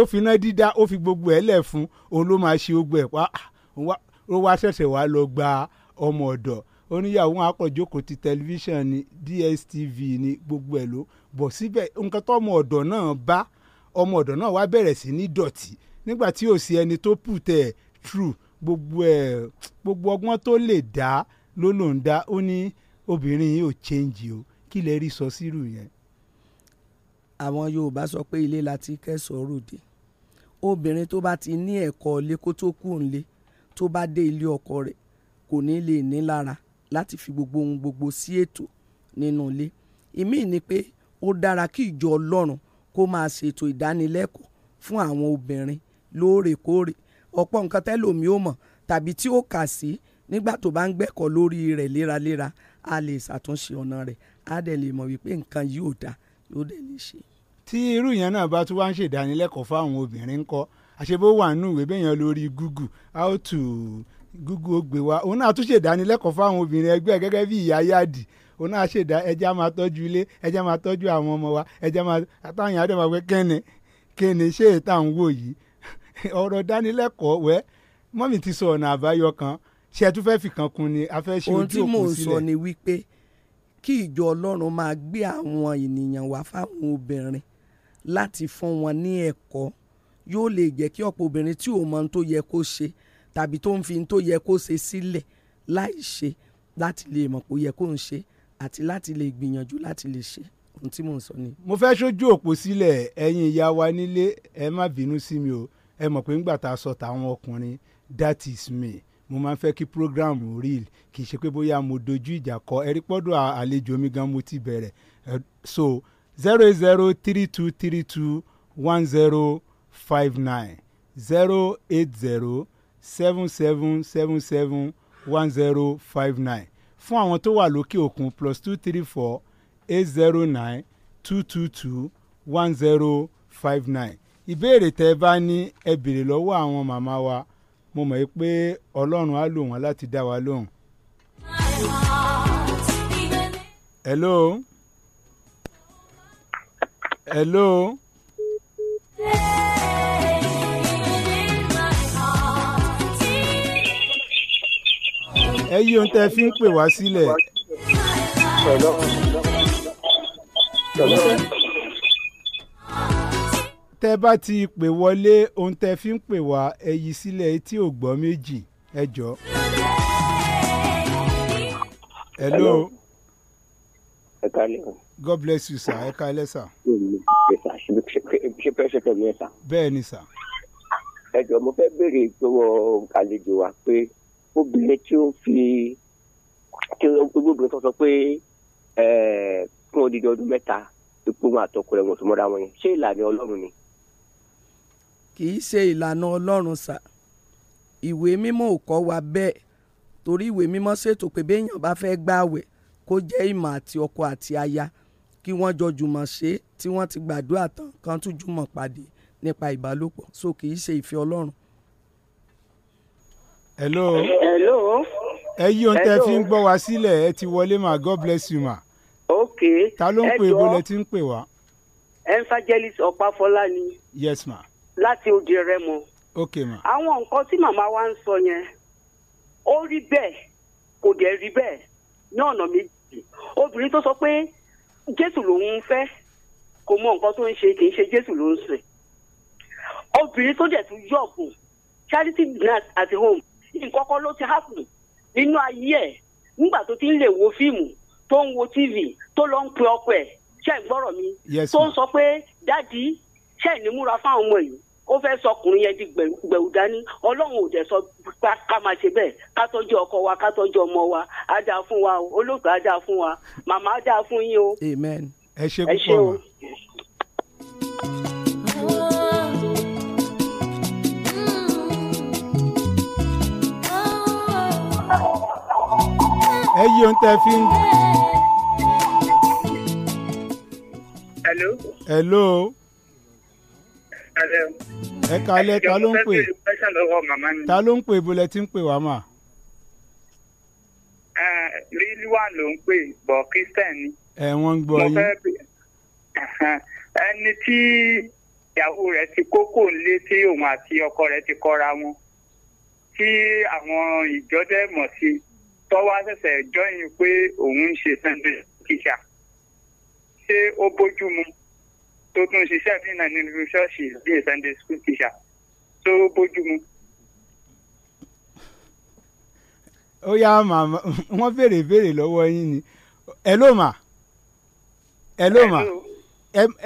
S4: ó fi iná dídá ó fi gbogbo ẹ̀ lẹ̀ fún òun ló máa ṣe gbogbo ẹ̀ pa ah, ó wá ṣẹ̀ṣẹ̀ wá lọ gba ọmọ ọ̀dọ̀ oníyàwó àpọ̀jókòó ti tẹlifíṣàn ni DSTV ni gbogbo ẹ̀ ló bọ̀ síbẹ̀ nǹkan tó ọmọ ọ̀dọ̀ náà bá ọmọ ọ̀dọ̀ náà wá bẹ̀rẹ̀ sí ní dọ̀tí nígbà tí ò sí ẹni tó pù tẹ̀ true gbogbo ẹ̀ gbogbo ọgbọ́n tó lè dá ló lòún dá ó ní obìnrin yìí ò
S3: change o kí lè rí sọ sírù yẹn. àwọn Yorùbá sọ pé ilé la ti kẹ́sọ̀ọ́ ròde obìnrin tó bá ti ní ẹ̀kọ́ ilé kó tó kù nílé tó bá dé ilé ọkọ rẹ̀ kò ní lè ní lára láti fi gbogbo ohun gbogbo sí ètò nínú ilé ìmíì ni pé ó dára kí ìjọ Ọlọ́run kó máa ṣètò ìdánilẹ́kọ̀ọ́ fún àwọn obìnrin lóòrèkóòrè ọ̀pọ̀ nǹkan tẹ́lòmí ò mọ̀ tàbí tí ó kà sí nígbà tó bá ń gbẹ́kọ̀ọ́ lórí rẹ̀ léraléra a lè ṣàtúnṣe ọ̀nà rẹ̀ á dẹ̀ lè mọ̀ wípé nǹkan yìí ò dáa yóò dẹ̀ lè ṣe. tí irú yẹn náà bá tún wá ń
S4: ṣèdánilẹ́kọ̀ọ́ fáwọn obìnrin ńkọ́ àṣebó wà nínú ìwé bẹ́yẹn lórí Google how to Google ó gbé wa òun náà tún ṣèdánilẹ́kọ̀ọ́ fáwọn obìnrin ẹgbẹ́ gẹ́gẹ́ bí ìyá yáàdì òun náà ṣèdá ẹjẹ́ á máa tọ́jú ilé ẹjẹ́ á máa tọ́jú àwọn ọmọ wa ẹjẹ́ á máa àtàwọn yàrá máa pẹ́ kẹ́ni kẹ́ni ṣé ètà ń wò yìí <laughs> ọ̀rọ̀ dánilẹ́kọ̀ọ́ wẹ́ mọ́mì ti sọ ọ̀nà
S3: àbáyọ kan ṣé ẹ tún fẹ́ fìkan kun ni a fẹ́ ṣe ojú òkú sílẹ̀ kí ìjọ ọlọ́run máa gbé àwọn ènìyàn wá fáwọn obìnrin láti fún wọn ní ẹ̀kọ́ yóò lè jẹ́ kí ọ̀pọ̀ obìnrin tí ò mọ ohun tó yẹ kó ṣe tàbí tó ń fi ohun tó yẹ kó ṣe sílẹ̀ láì ṣe láti lè mọ̀ pé yẹ kó ń ṣe àti láti lè gbìyànjú láti lè ṣe ohun tí mò ń sọ ni.
S4: mo fẹ́ sójú òpó sílẹ̀ ẹ̀yin ìyá wa nílé ẹ má bínú sí mi o ẹ mọ̀ pé ńgbà tá a sọ tàwọn ọkùnrin that is me mo máa ń fẹ́ kí program real kì í ṣe pé bóyá mo dojú ìjà kọ ẹ̀rí pọ́dọ̀ àlejò mi gan mo ti bẹ̀rẹ̀ so zero eight zero three two three two one zero five nine zero eight zero seven seven seven seven one zero five nine fún àwọn tó wà lókè òkun plus two three four eight zero nine two two two one zero five nine ìbéèrè tẹ́ ẹ bá ní ẹ béèrè lọ́wọ́ àwọn màmá wa mo mọ̀ pé ọlọ́run á lò wọ́n láti dá wa lóhùn. hello. hello. ẹ yí ohun tẹ́ fi ń pè wá sílẹ̀. hello. hello tẹ́ bá ti pè wọlé ohun tẹ́ fi ń pè wá ẹyí sílẹ̀ etí ò gbọ́ méjì ẹ jọ. hello. ẹ kálẹ́ o. god bless you sir ẹ kálẹ́ sir.
S1: ṣe pẹ́ẹ́sì pẹ̀lú ẹ̀ sà. bẹ́ẹ̀ ni sà. ẹ jọ mo fẹ́ béèrè ìgbọ́wọ́ àlejò wa pé obìnrin tí ó fi tí olóbìnrin sọ pé fún odidi ọdún mẹ́ta ìpinnu àtọkùnrin wọn tó mọ́ra wọn yẹn ṣé ìlànà ọlọ́run ni
S3: kì í ṣe ìlànà Ọlọ́run ṣá ìwé mímọ́ ò kọ́ wa bẹ́ẹ̀ torí ìwé mímọ́ ṣètò pé béèyàn bá fẹ́ gbààwẹ̀ kó jẹ́ ìmọ̀ àti ọkọ àti aya kí wọ́n jọ jùmọ̀ ṣe tí wọ́n ti gbàdúrà tán kan tún jùmọ̀ pàdé nípa ìbálòpọ̀ so kì í ṣe ìfẹ́ Ọlọ́run. hello.
S4: hello.
S1: ẹ yí ohun tẹ́ fi ń gbọ́
S4: wa sílẹ̀ ẹ ti wọlé ma god bless you ma. ok ẹ jọ ta ló ń pè ibo lẹ ti ń pè wá.
S1: evangelist ọ̀páfọlá ni.
S4: yes ma
S5: láti odi rẹ́mọ. ok ma. àwọn nǹkan tí màmá wa ń sọ yẹn
S1: ó rí bẹ́ẹ̀ kò dẹ̀ rí bẹ́ẹ̀ ní ọ̀nà méjì obìnrin tó sọ pé jésù lòun fẹ́ kò mọ nǹkan tó ń ṣe kì í ṣe jésù ló ń
S5: obìnrin tó dẹ̀ tún yọ̀bùn charity nurse at home nǹkan kan ló ti happen nínú ayé ẹ̀ nígbà tó ti ń lè wo fíìmù tó ń wo tv tó lọ ń pe ọkọ ẹ̀ ṣe ń gbọ́rọ̀ mi tó ń sọ pé dáàdi ṣe ń múra fáwọn ọmọ yìí ó fẹ́ sọkùnrin yẹn di gbẹ̀rù dání ọlọ́run ò dẹ̀ sọ ká máa ṣe bẹ́ẹ̀ ká tọ́jú ọkọ wa ká tọ́jú ọmọ wa á fún wa o olóògbé á fún wa màmá
S3: á fún yín o. amen ẹ ṣe púpọ̀ wọn.
S4: ẹ yí ohun tẹ fi ń. hello. hello
S1: ẹ kalẹ ta ló ń pè ta
S4: ló ń pè bọlẹ tí ń pè wá mà.
S1: rílíwà ló ń pè bọ christian ni.
S4: ẹ wọ́n ń gbọ́ yín.
S1: ẹni tí ìyàwó rẹ̀ ti kókó ńlé tí òun àti ọkọ rẹ̀ ti kọra wọn tí àwọn ìjọdẹ mọ̀ sí tọ́wọ́ ṣẹ̀ṣẹ̀ jọyìn pé òun ń ṣe sunday kíkà ṣé ó bójú mu tó tún ṣiṣẹ́ bí náà nínú ṣọ́ọ̀ṣì bí Sunday school teacher tó bójú mu.
S4: ó yá màmá wọ́n béèrè béèrè lọ́wọ́ yín ni ẹ ló mà ẹ ló mà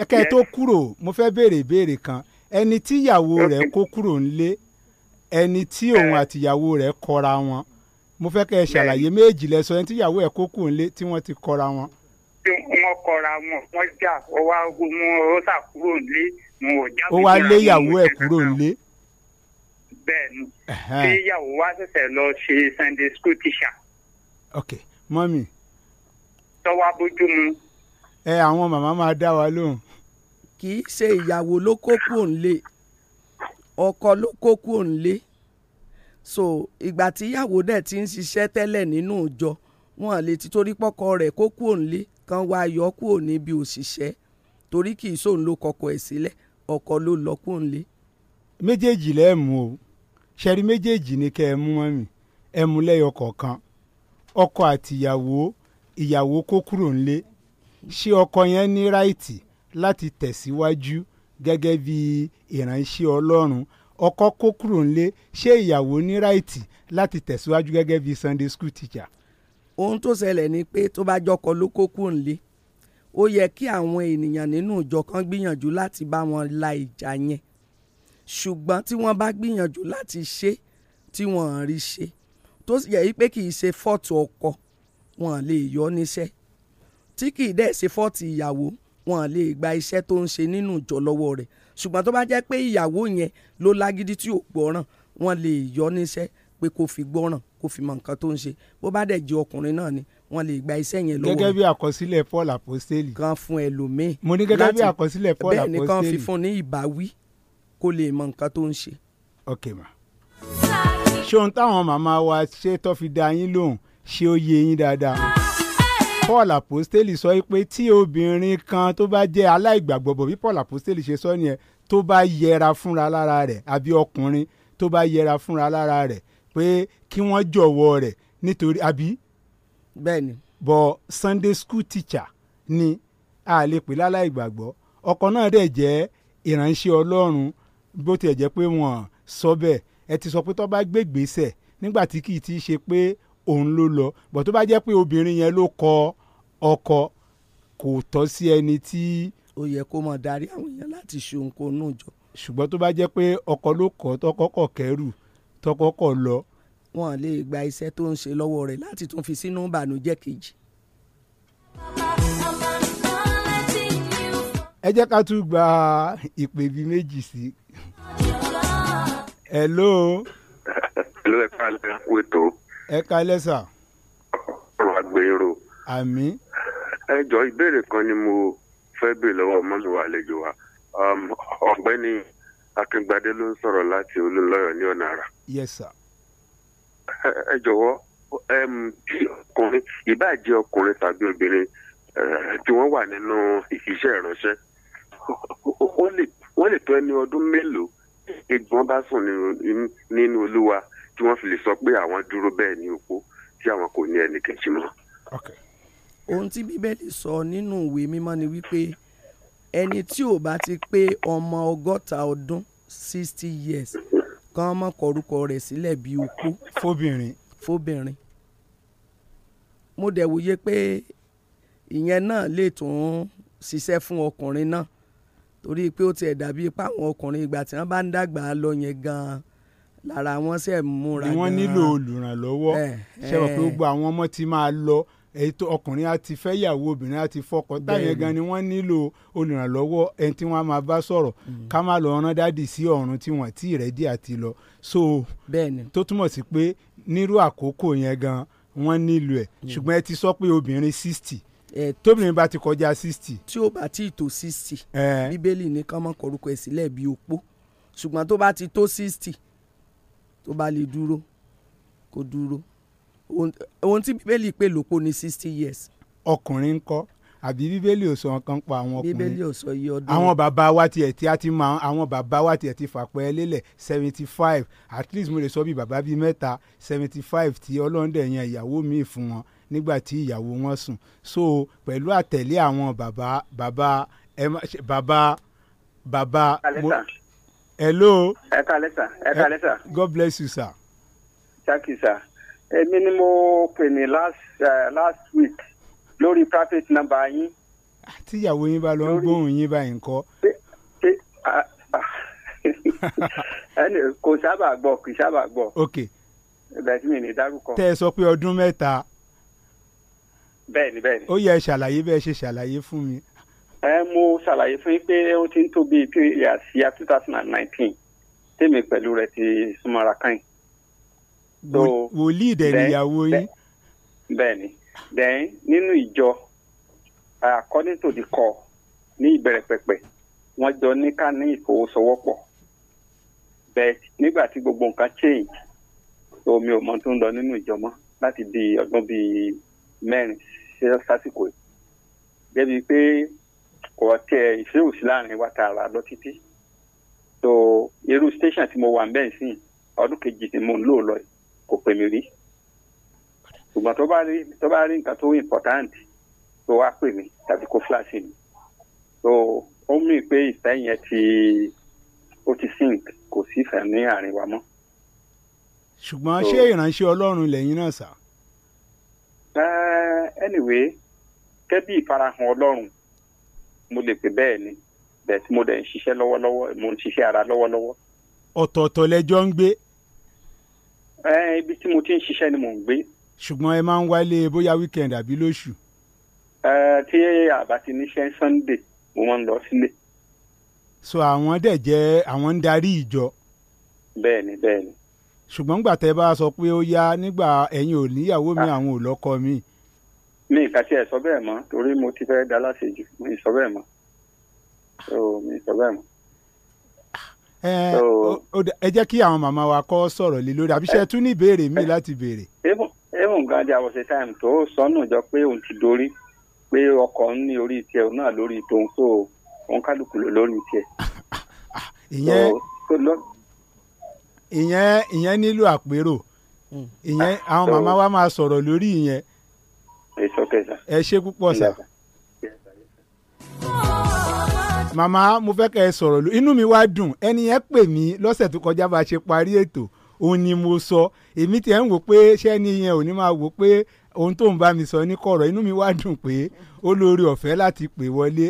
S4: ẹ kẹ́ ẹ tó kúrò mo fẹ́ béèrè béèrè kan ẹni tí ìyàwó rẹ̀ kó kúrò nílé ẹni tí òun eh. àtìyàwó rẹ̀ kọra wọn mo fẹ́ kẹ́ ẹ ṣàlàyé méjì lẹ́sọ ẹni tí ìyàwó ẹ̀ kó kúrò nílé tí wọ́n ti kọra wọn
S1: tí wọ́n kọra wọn wọ́n jà ó wá mú ó sà kúrò nílé wọn ò já. ó wá lé
S4: ìyàwó ẹ̀ kúrò nílé. bẹ́ẹ̀ni tí
S1: ìyàwó wa ṣẹ̀ṣẹ̀ lọ ṣe sunday school teacher.
S4: ok mọ́mì.
S1: tọ́wọ́ abójú
S3: mu. ẹ àwọn màmá máa dá wa lóhùn. kì í ṣe ìyàwó ló kó kúrò nílé ọkọ ló kó kúrò nílé so ìgbà tíyàwó dẹ̀ ti ń ṣiṣẹ́ tẹ́lẹ̀ nínú ìjọ wọn lè ti torí pọ́kọ rẹ̀ kó kúrò nílé kan wá yọ kúrò níbi òṣìṣẹ́ torí kì í sóun ló kọkọ ẹ̀ sílẹ̀ ọkọ ló lọ kúrò nílé.
S4: méjèèjì lẹ́ mú o ṣẹ́rí méjèèjì ni kẹ́ ẹ mú mọ́ mi ẹ mú lẹ́yọ kọ̀ọ̀kan ọkọ àtìyàwó ìyàwó kó kúrò nílé ṣé ọkọ yẹn ní ráìtì láti tẹ̀síwájú gẹ́gẹ́ bí ìránṣẹ́ ọlọ́run ọkọ kó kúrò nílé ṣé ìyàwó ní ráìtì láti tẹ̀síwájú gẹ́gẹ́ bí Sunday school teacher
S3: ohun tó ṣẹlẹ̀ ni pé tó bá jọkọ ló kó kù ńlé ó yẹ kí àwọn ènìyàn nínú ìjọ kan gbìyànjú láti bá wọn la ìjà yẹn ṣùgbọ́n tí wọ́n bá gbìyànjú láti ṣe tí wọ́n ń rí ṣe tó sì yẹ pé kì í ṣe fọ́ọ̀tù ọkọ wọn lè yọ níṣẹ́ tí kì í dẹ̀ ṣe fọ́ọ̀tù ìyàwó wọn lè gba iṣẹ́ tó ń ṣe nínú ìjọ lọ́wọ́ rẹ̀ ṣùgbọ́n tó bá jẹ́ pé ìyàwó yẹn ló lágídí tí ò gbọ́ràn wọn lè yọ níṣẹ́ pé kò fi gbọ́ràn kó fi mọ nǹkan tó ń ṣe bó bá dẹ̀ jẹ́ ọkùnrin náà ni wọ́n lè gba iṣẹ́ yẹn lọ́wọ́. gẹ́gẹ́ bí
S4: àkọsílẹ̀ Paul Aposteli. kan fún ẹlòmíì. mo ní gẹ́gẹ́ bí àkọsílẹ̀ Paul Aposteli. bẹ́ẹ̀ ni kan fi fún
S3: ní ìbáwí kó lè mọ nǹkan tó ń ṣe.
S4: ok ma ṣé ohun táwọn màmá wa ṣe tó fi dá yín lóhùn ṣé ó yé yín dáadáa. Paul Aposteli sọ pé tí obìnrin kan tó bá jẹ́ aláìgbàgbọ́ bí Paul Aposteli ṣe sọ nìyẹn tó bá yẹra fúnra lára rẹ̀ àbí ọkùnrin tó bá yẹra fúnra lára rẹ̀ pé kí wọ́n jọ̀wọ́ rẹ̀ nítorí àbí. bẹ́ẹ̀ni. bọ sunday school teacher ni a lè pè láláì gbàgbọ́ ọkọ náà dẹ̀ jẹ́ ìránṣẹ́ ọlọ́run bó tiẹ̀ jẹ́ pé wọ́n sọ bẹ́ẹ̀ ẹ ti sọ pé tó bá gbé gbèsè nígbà tí kì í ti ṣe pé òun ló lọ bọ̀ tó bá jẹ́ pé obìnrin yẹn ló kọ ọkọ kò tọ́ sí ẹni tí. ó yẹ kó máa darí àwọn èèyàn láti ṣe ohunkóhun náà jọ.
S3: ṣùgbọ́n tó bá jẹ́ pé ọkọ ló kọ́ tọkọ kọ̀ kẹ́rù tọkọ kọ lọ. wọn lè gba iṣẹ́ tó ń ṣe lọ́wọ́ rẹ̀ láti tún fi sínú ìbànújẹ́ kejì. ẹ jẹ́ ká tún gba ìpè bíi méjì
S4: sí. hello.
S1: hello ẹ ká lẹ́ kú ètò.
S4: ẹ ká lẹ́ sà.
S1: ọ̀rọ̀ àgbèrò. àmín. ẹ jọ ìbéèrè kan ni mo fẹ́ bèèrè lọ́wọ́ mọ́lùwà àlejò wa um, ọ̀gbẹ́ni. Um, akíngbadé ló ń sọ̀rọ̀ láti olùlọ́yọ̀ ní ọ̀nà àrà. yes sir. ẹ jọ̀wọ́ ọkùnrin ìbáàjẹ́ ọkùnrin tàbí obìnrin eh, tí wọ́n wà nínú iṣẹ́ ìránṣẹ́ wọ́n lè tó ẹni ọdún mélòó ìgbọ́n bá sùn nínú olúwa tí wọ́n fi lè sọ pé àwọn dúró bẹ́ẹ̀ ní òpó tí àwọn kò ní ẹnì kejì mọ́.
S3: ohun tí bíbélì sọ nínú ìwé mímọ́ ni wípé ẹni tí ò bá ti pé ọmọ ọgọ́ta ọdún sixty years kan mọ́ kọrúkọ rẹ̀ sílẹ̀ bíi opó. fóbìnrin. fóbìnrin. mo dẹ̀ wòye pé ìyẹn náà lè tún ṣiṣẹ́ fún ọkùnrin náà torí pé ó tiẹ̀ dàbí ipá àwọn ọkùnrin ìgbà tí wọ́n bá ń dàgbà lọ yẹn gan-an lára wọn ṣe múra gan-an. ni wọ́n nílò
S4: olùrànlọ́wọ́ ṣe rò pé gbogbo àwọn ọmọ ti máa lọ ètò ọkùnrin àti fẹ́yàwó obìnrin àti fọkọ táyẹn gan ni wọ́n nílò olùrànlọ́wọ́ ẹni tí wọ́n máa bá sọ̀rọ̀ mm. ká má lọ rán dádì sí ọ̀run tí wọ́n ti rẹ̀ dí àti lọ so tó túmọ̀ sí pé nírú àkókò yẹn gan wọ́n nílò ẹ̀ mm. ṣùgbọ́n ẹ ti sọ pé obìnrin sixty
S3: tóbìnrin bá ti kọjá sixty. tí ó bá ti tó sixty bíbélì ní kán mọ́ kọrúkọ ẹ̀ sílẹ̀ bíi opó ṣùgbọ́n tó bá ti tó sixty tó bá lè dúró kó dúró ohun tí bíbélì pè lópò ní sixty years. ọkùnrin ń kọ́
S4: àbí bíbélì ò sọ nǹkan pa àwọn ọkùnrin bíbélì ò sọ iye ọdún àwọn bàbá wa tiẹ̀ tí a ti mọ àwọn bàbá wa tiẹ̀ ti fàpẹ́ lélẹ̀ seventy five at least mo lè sọ bíi bàbá bíi mẹ́ta seventy five tí ọlọ́ndẹ̀ yan ìyàwó mi fún wọn nígbà tí ìyàwó wọn sùn so pẹ̀lú àtẹ̀lé àwọn bàbá bàbá ẹ má ṣe bàbá bàbá. hello.
S1: ẹ kálẹ́ sà ẹ kálẹ́ sà.
S4: God bless you sir.
S1: thank you sir èmi ni mo pè ní last eh, last week lórí private number yín.
S4: tíyàwó yín bá lọ ń gbóhùn yín báyìí ńkọ́.
S1: <laughs> ẹni kò sábà gbọ́ kì í sábà gbọ́. ok. bẹ́ẹ̀ni mi ní dárúkọ. tẹ́ ẹ
S4: sọ pé ọdún mẹ́ta.
S1: bẹ́ẹ̀ni bẹ́ẹ̀ni. ó
S4: yẹ ṣàlàyé bẹ́ẹ̀ ṣe ṣàlàyé fún mi.
S1: ẹ mo ṣàlàyé fún yín pé ó ti ń tó bíi three years tèmi pẹ̀lú rẹ̀ ti súnmọ́ra kan yìí so
S4: wòlíì dẹ̀ níyàwó yín.
S1: bẹ́ẹ̀ni then nínú ìjọ according to the call ní ìbẹ̀rẹ̀ pẹ̀pẹ̀ wọ́n jọ ní ká ní ìfowósowọ́pọ̀ bẹ́ẹ̀ nígbà tí gbogbo nǹkan change so mi ò mọ tó ń lọ nínú ìjọ mọ́ láti di ọdún bíi mẹ́rin ṣe sásìkò yìí débi pé kò tiẹ̀ ìfẹ́ òsì láàrin wa tààrà lọ títí so irú station tí mo wà ń bẹ́ẹ̀ sìn ọdún kejì tí mo ń lò lọ yìí kò pè mí rí ṣùgbọ́n tó bá rí tó bá rí nǹkan tó important tó wá pè mí tàbí kó fúláṣì mi so ó mì pé ìfẹ́ yẹn ti ó ti sink kò sí ìfẹ́ ní àárín wa mọ́.
S4: ṣùgbọ́n ṣé ìránṣẹ́ ọlọ́run lẹ́yìn náà sà.
S1: anyway kẹ́bí ìfarahàn ọlọ́run mo lè pè bẹ́ẹ̀ ni bẹ́ẹ̀ tí mo dẹ̀ ń ṣiṣẹ́ lọ́wọ́lọ́wọ́ mo ń ṣiṣẹ́ ara lọ́wọ́lọ́wọ́.
S4: ọ̀tọ̀ọ̀tọ̀ lẹjọ́ ń gbé
S1: ẹ ibi tí mo ti ń ṣiṣẹ́ ni mò ń gbé.
S4: ṣùgbọ́n ẹ máa ń wálé bóyá weekend àbí lóṣù.
S1: ẹ tí àbá ti níṣẹ́ sunday mo máa ń lọ sílé.
S4: so àwọn dẹ̀ jẹ́ àwọn ń darí ìjọ.
S1: bẹ́ẹ̀ni bẹ́ẹ̀ni.
S4: ṣùgbọ́n gbà tẹ́ bá sọ pé ó yá nígbà ẹ̀yin ò níyàwó mi ah. àwọn ò lọ́kọ mi.
S1: mi ìka tí ẹ sọ bẹ́ẹ̀ mọ́ torí mo ti fẹ́ dá láṣejù mi so mi ì sọ bẹ́ẹ̀
S4: ẹ jẹ́ kí àwọn màmá wa kọ́ sọ̀rọ̀ lè lórí àbíṣẹ́ eh, tún ní ìbéèrè míì eh, láti béèrè.
S1: even gandhi awọsẹ time tó sọnù jọ pé òun ti dorí pé ọkọ ń ní orí lórí tòun tó òun kálukú lórí
S4: <laughs> ìyẹn ìyẹn ìyẹn nílò àpérò hmm. ìyẹn àwọn màmá wa máa lórí ìyẹn. ẹ ṣe púpọ̀ màmá mo fẹ́ kẹ́ ẹ sọ̀rọ̀ lù inú mi wá dùn ẹni yẹn pè mí lọ́sẹ̀ tó kọjá bá a ṣe parí ètò òun ni mo sọ èmi tiẹ̀ ń wò pé sẹ́ni yẹn ò ní máa wò pé ohun tó ń bá mi sọ ní kọ̀rọ̀ inú mi wá dùn pé ó lórí ọ̀fẹ́ láti pè wọlé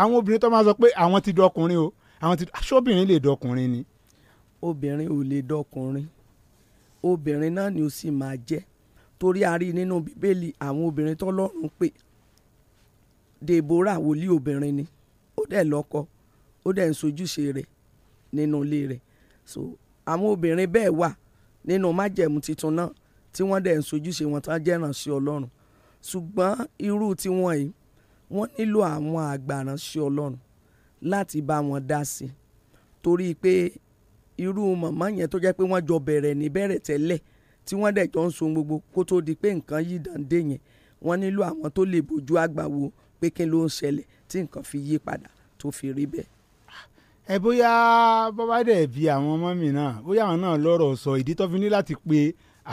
S4: àwọn obìnrin tó máa sọ pé àwọn ti dọkùnrin o àwọn ti aṣọ́bìnrin lè
S3: dọkùnrin ni. obìnrin ò lè dọkùnrin obìnrin náà ni ó sì máa jẹ́ torí a rí nínú bíbélì àwọn obìnrin tó lọ́rùn pé Deborah wòlíì obìnrin ni dẹ̀ lọ́kọ ó dẹ̀ ń sojúṣe rẹ̀ nínú ilé rẹ̀ so àwọn obìnrin bẹ́ẹ̀ wà nínú májẹ̀mú tuntun náà tí wọ́n dẹ̀ ń sojúṣe wọn tán jẹ́ ìránṣẹ́ ọlọ́run ṣùgbọ́n irú tiwọn yìí wọ́n nílò àwọn àgbàránṣẹ́ ọlọ́run láti bá wọn dá sí i torí pé irú màmá yẹn tó jẹ́ pé wọ́n jọ bẹ̀rẹ̀ ní bẹ̀rẹ̀ tẹ́lẹ̀ tí wọ́n dẹ̀ jọ ń so gbogbo kó tó di pé nǹkan yí dàndé yẹn wọ́n nílò àwọn tó lè bójú àgbà wo pé kí ló ń ṣẹlẹ̀ tí nǹkan fi yí padà tó fi rí bẹ́ẹ̀. ẹ bóyá
S4: bàbá dẹ̀ bí àwọn ọmọ mi náà bóyá àwọn náà lọ́rọ̀ sọ ìdí tó fi ní láti pe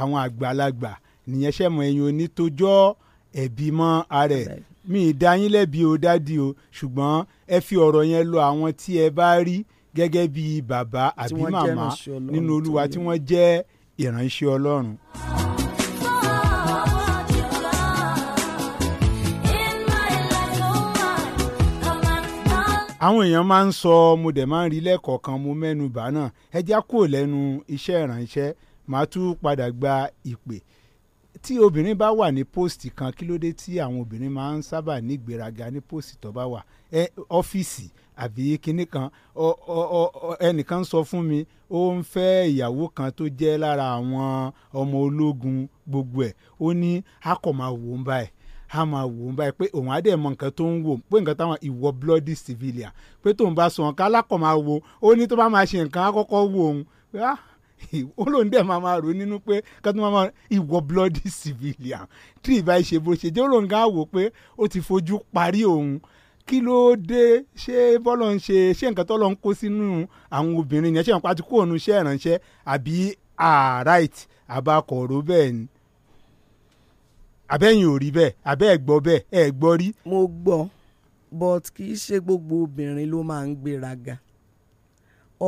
S4: àwọn àgbàlagbà nìyẹn sẹ́mọ̀ ẹ̀yin onítòjọ́ ẹ̀bí mọ́ ara ẹ̀ mi ì dá yín lẹ́bi o dádì o ṣùgbọ́n ẹ fi ọ̀rọ̀ yẹn lọ àwọn tí ẹ bá rí gẹ́gẹ́ bí bàbá àbí màmá nínú olúwa tí wọ́n jẹ́ ìránṣẹ́ ọlọ́run. àwọn èèyàn máa ń sọ mo dẹ̀ máa ń rí lẹ́kọ̀ọ̀kan mo mẹ́nu bà náà ẹ já kúrò lẹ́nu iṣẹ́ ìrànṣẹ́ màá tún padà gba ìpè tí obìnrin bá wà ní póòsì kan kí ló dé tí àwọn obìnrin máa ń sábà ní ìgbéraga ní póòsì tó bá wà ẹ ọ́fíìsì àbí kinní kan ẹnìkan sọ fún mi ó ń fẹ́ ìyàwó kan tó jẹ́ lára àwọn ọmọ ológun gbogbo ẹ̀ ó ní a kò máa wò ó báyìí a máa wò ó báyìí pé òun á dẹ̀ mọ nǹkan tó ń wò pé nǹkan táwọn ìwọ bloody civilian pé tóun bá sọ nǹkan alákọ̀ máa wo ó ní tó bá máa ṣe nǹkan akọ́kọ́ wo òun ah, <laughs> ó lóun dẹ̀ máa máa rò nínú pé kátó máa máa ìwọ bloody <laughs> civilian tí ìbá ṣe bó ṣe jẹ́ ó lóun gan wò pé ó ti fojú parí òun kí ló dé ṣé bọ́lọ̀ ń ṣe ṣé nǹkan tọ́lọ́ ń kó sínú àwọn obìnrin yẹn ṣé wọn pa ti kó òun ṣe ìrànṣẹ́ àbí àráìtì ah, àbákọ̀ọ̀rọ̀ bẹ́ẹ̀ ni abẹ́yìn ò rí bẹ́ẹ̀ abẹ́ ẹ̀ gbọ́ bẹ́ẹ̀ ẹ̀ gbọ́ rí. mo
S3: gbọ́ but kì í ṣe gbogbo obìnrin ló máa ń gbéraga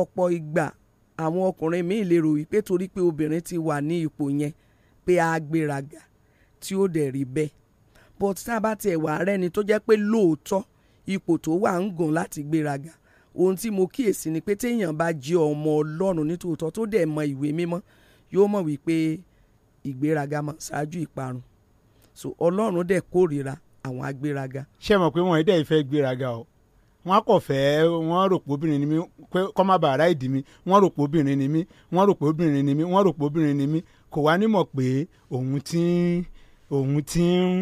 S3: ọ̀pọ̀ ìgbà àwọn ọkùnrin míì lè rò wípé torí pé obìnrin ti wà ní ipò yẹn pé a gbéraga tí ó dẹ̀ rí bẹ́ẹ̀ but tá a bá tiẹ̀ wà rẹ́ni tó jẹ́ pé lóòótọ́ ipò tó wà ń gùn láti gbéraga ohun tí mo kíyèsí ni pé téèyàn bá jẹ́ ọmọ ọlọ́run nítòótọ́ tó dẹ̀ mọ ìwé mímọ́ yóò mọ̀ wípé ìgbéraga máa ṣáájú ìparun so ọlọ́run dẹ̀ kórìíra àwọn agbéraga. ṣé
S4: mọ̀ pé wọ́n ẹ̀ dẹ́ ìfẹ́ gbéraga o wọ́n kò fẹ́ wọ́n rò pé obìnrin ni mí kọ́ má bàa ráìdì mi wọ́n rò pé obìnrin ni mí wọ́n rò pé obìnrin ni mí wọ́n rò pé obìnrin ni mí kò wá nímọ̀ pé òun ti ń òun ti ń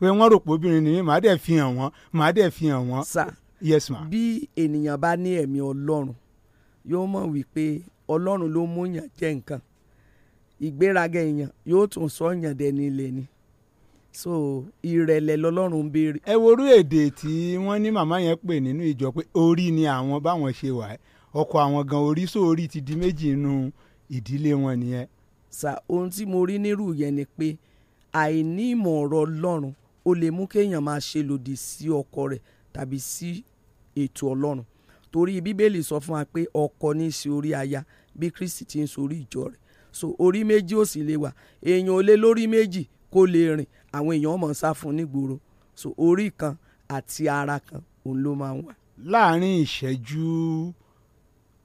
S4: pé wọ́n rò pé obìnrin ni mí màá dẹ̀ fi hàn wọ́n
S3: màá dẹ̀ fi hàn wọ́n. sà yes ma. bí ènìyàn bá ní ẹ̀mí ọlọ́run yóò mọ̀ wípé ọlọ́run ló mú yàn jẹ́ nǹkan ìgbéraga èèyàn yóò tún sọ yàn dẹni lẹ́ni so ìrẹ̀lẹ̀ lọ́lọ́run ń béèrè. ẹ worú èdè
S4: tí wọ́n ní màmá yẹn pè nínú ìjọ pé orí ni àwọn báwọn ṣe wà ọkọ àwọn gan
S3: orí so orí ti di méjì nínú ìdílé wọn nìyẹn. sà ohun tí mo rí nírú yẹn ni pé àìní ìmọ̀ ọ̀rọ̀ ọlọ́run ó lè mú kéèyàn máa ṣe lòdì sí ọkọ rẹ̀ tàbí sí ètò ọlọ́run torí bíbélì sọ fún wa pé ọkọ ní í ṣe orí aya bí kristi ti ń sorí ìjọ rẹ̀ so orí méjì ò sì lè wà èèyàn ò lè lórí méjì kó lè rìn àwọn èèyàn mọ̀ ń sá fún nígboro so orí kan àti ara kan òun ló máa ń wà. láàárín ìṣẹ́jú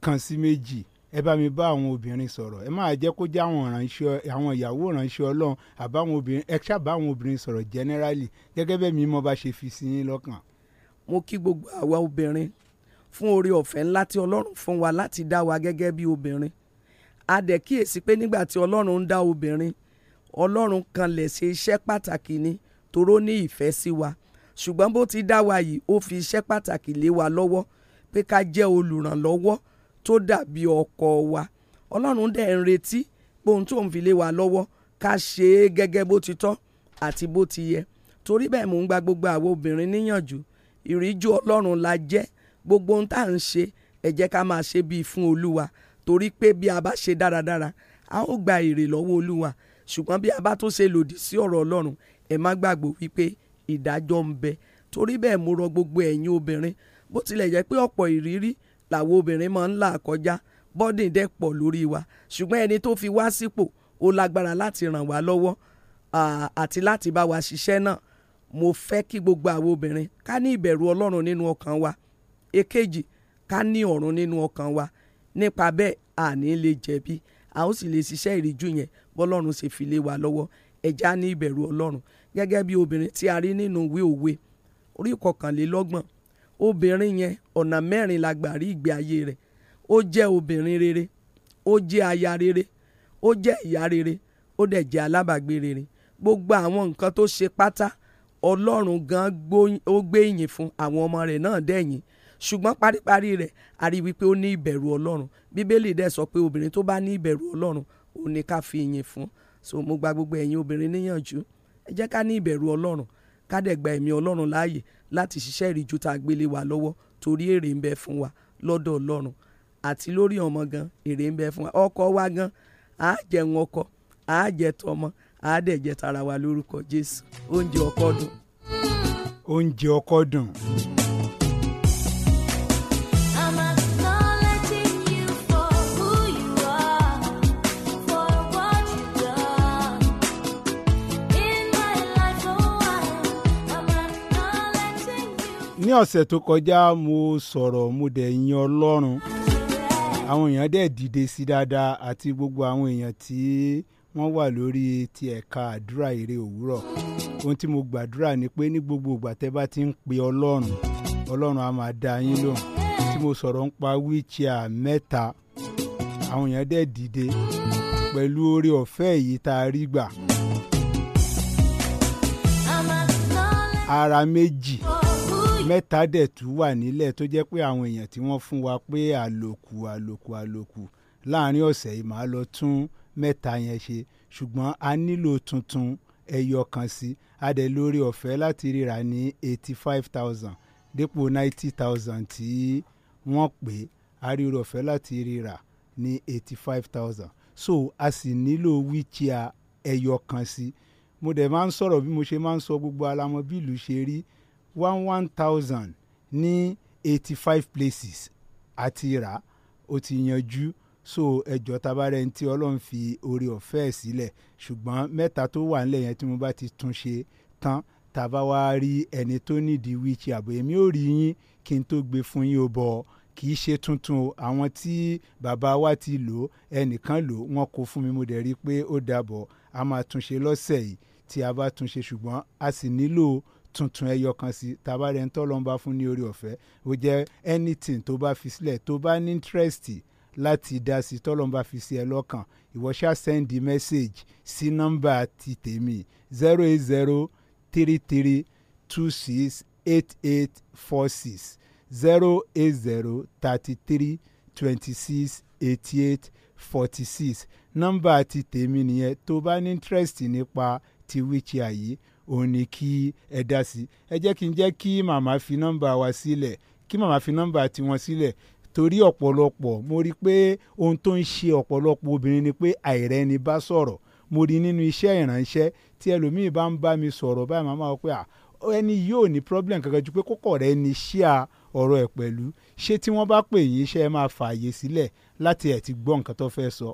S3: kan sí
S4: méjì ẹ bá mi bá àwọn obìnrin sọ̀rọ̀ ẹ máa jẹ́ kó jẹ́ àwọn ìránṣẹ́ àwọn ìyàwó ìránṣẹ́ ọlọ́run àbáwọn obìnrin ẹ ṣáà àwọn obìnrin sọ̀rọ̀ generally gẹ́gẹ́ bẹ́ẹ̀ mi mo bá ṣe fi sí yín lọ́kàn.
S3: mo kí gbogbo àwa obìnrin fún oore ọ̀fẹ́ ńlá tí ọlọ́run fún wa láti dá wa gẹ́gẹ́ bí obìnrin a dẹ̀ kíyèsí pé nígbà tí ọlọ́run ń dá obìnrin ọlọ́run kanlẹ̀ ṣe iṣẹ́ pàtàkì ni toró ní ìfẹ́ sí wa ṣùgbọ́n bó ti dá wa yìí ó fi iṣẹ́ pàtàkì lé wa lọ́wọ́ pé ká jẹ́ olùrànlọ́wọ́ tó dàbí ọkọ wa ọlọ́run dẹ̀ ń retí bóun tó ń fi lé wa lọ́wọ́ ká ṣe é gẹ́gẹ́ bó ti tọ́ àti bó ti yẹ torí bẹ́ẹ̀ mò ń gba gbogbo àwọn obìnrin níyànjú ìríjú ọlọ́run la jẹ́ gbogbo ohun tá à ń ṣe ẹ ká máa ṣe bíi fún olúwa torí pé bí a bá ṣe dáradára a ó gba èrè lọ́wọ́ olúwa ṣùgbọ́n bí a bá tó ṣe lòdì sí ọ̀rọ̀ Ọlọ́run ẹ má gbàgbọ́ wípé ìdájọ́ ń bẹ torí bẹ́ẹ̀ mo rọ gbogbo ẹ̀yin obìnrin bó tilẹ̀ jẹ́ pé ọ̀pọ̀ ìrírí làwọn obìnrin máa ń là kọjá bọ́dìn dẹ̀ pọ̀ lórí wa ṣùgbọ́n ẹni tó fi wá sípò ó lágbára láti ràn wá lọ́wọ́ àti láti bá wa ṣiṣẹ́ náà mo fẹ́ kí gbogbo àwọn obìnrin ká ní ìbẹ̀rù Ọlọ́run nínú ọkàn wa èkejì ká ní ọ̀run nínú ọkàn wa nípa bẹ́ẹ̀ àní lè jẹ̀bi a sì lè ṣiṣẹ́ ìríjú yẹn bọ́lọ́run ṣe fi lé wa lọ́wọ́ ẹja ní ìbẹ̀rù ọlọ́run gẹ́gẹ́ bí obìnrin tí a rí nínú ìwé òwe orí kọkànlélọ́gbọ̀n obìnrin yẹn ọ̀nà mẹ́rin la gbà rí ìgbé ayé rẹ̀ ó jẹ́ obìnrin rere ó jẹ́ aya rere ó jẹ́ ìyá rere ó dẹ̀ jẹ́ alábàgbé rere gbogbo àwọn nǹkan tó ṣe pátá ọlọ́run gan ó gbé ìyìn fún àwọn ọmọ rẹ̀ náà dẹ̀yìn ṣùgbọ́n paríparí rẹ̀ a rí ó ní ìbẹ̀rù ọlọ́run bíbélì dẹ̀ sọ pé obìnrin tó bá ní ìbẹ̀rù ọlọ́run ó ní ká fi ìyìn fún so mo gba gbogbo ẹ̀yin obìnrin níyànjú ẹ jẹ́ ká ní ìbẹ̀rù ọlọ́run ká dẹ̀ gba ẹ̀mí ọlọ́run láàyè láti ṣiṣẹ́ ìríjú tá a gbélé wa lọ́wọ́ torí èrè ń bẹ fún wa lọ́dọ̀ ọlọ́run àti lórí ọmọ gan èrè ń bẹ fún wa ọkọ wa gan á jẹun ọkọ á jẹ tọmọ á dẹ̀ jẹ tara wa lórúkọ jésù oúnjẹ ọkọ dùn. oúnjẹ ọkọ dùn.
S4: ní ọ̀sẹ̀ tó kọjá mo sọ̀rọ̀ mo dẹ̀ yin ọlọ́run àwọn èèyàn dẹ̀ dìde sí dáadáa àti gbogbo àwọn èèyàn tí wọ́n wà lórí ti ẹ̀ka àdúrà ire òwúrọ̀ ohun tí mo gbàdúrà ni pé ní gbogbo ìgbà tẹ́ bá ti ń pe ọlọ́run ọlọ́run á máa dá yín lóhùn tí mo sọ̀rọ̀ ń pa wíìchìá mẹ́ta àwọn èèyàn dẹ̀ dìde pẹ̀lú oore ọ̀fẹ́ èyí tá a rí gbà ara méjì mẹ́ta dẹ̀ tún wà nílẹ̀ tó jẹ́ pé àwọn èèyàn tí wọ́n fún wa pé àlòkù àlòkù àlòkù láàrin ọ̀sẹ̀ yìí màá lọ tún mẹ́ta yẹn ṣe ṣùgbọ́n a nílò tuntun ẹyọ kan sí a dẹ̀ lórí ọ̀fẹ́ láti ríra ní eighty five thousand dípò ninety thousand tí wọ́n pè á ríra ọ̀fẹ́ láti ríra ní eighty five thousand so a sì nílò wíchíà ẹyọ kan sí mo dẹ̀ máa ń sọ̀rọ̀ bí mo ṣe máa ń sọ gbogbo alamọ bí ṣe rí one one thousand ní eighty five places àti rà ó ti yanjú so ẹjọ́ tabarẹ́ ní tí ọlọ́run fi oore ọ̀fẹ́ sílẹ̀ ṣùgbọ́n mẹ́ta tó wà nílẹ̀ yẹn tí mo bá ti tún ṣe tán tàbá wá rí ẹni tó nídìí wíìkì àbò èmi ò rí yín kí n tó gbé fún yín ó bọ̀ kì í ṣe tuntun o àwọn tí bàbá wa ti lò ẹnìkan lò wọ́n kó fún mi mo dẹ̀ rí i pé ó dàbọ̀ a máa túnṣe lọ́sẹ̀ yìí tí a bá túnṣe ṣùgbọ́n a sì nílò tuntun ẹyọ kan sí tàbá rẹ̀ ń tọ́ lọ́n bá fún ní orí ọ̀fẹ́ ó jẹ́ anything tó bá fi sílẹ̀ tó bá ní interest láti dá sí tọ́lọ́mbà fi sí ẹ lọ́kàn ìwọ ṣá send message sí nọ́mbà ti tèmi zero eight zero three three two six eight eight four six zero eight zero thirty three twenty six eighty eight forty six nọ́mbà ti tèmi nìyẹn tó bá ní interest nípa ti wíṣẹ́ àyè òun ni kí ẹ dá sí ẹ jẹ́ kí n jẹ́ kí màmá fi nọ́mbà wa sílẹ̀ kí màmá fi nọ́mbà tiwọn sílẹ̀ torí ọ̀pọ̀lọpọ̀ mo rí i pé ohun tó ń ṣe ọ̀pọ̀lọpọ̀ obìnrin ni pé ni bá sọ̀rọ̀ mo rí nínú iṣẹ́ ìránṣẹ́ tí ẹlòmíì bá ń bá mi sọ̀rọ̀ báyìí màmá wọ pé ẹni yóò ní problem kankan ju pé kókọ̀ rẹ ni ṣíà ọ̀rọ̀ ẹ̀ pẹ̀lú ṣé tí wọ́n bá pè yín ṣe é máa fààyè sílẹ̀ láti ẹ̀ ti gbọ́ nǹkan tó fẹ́ sọ.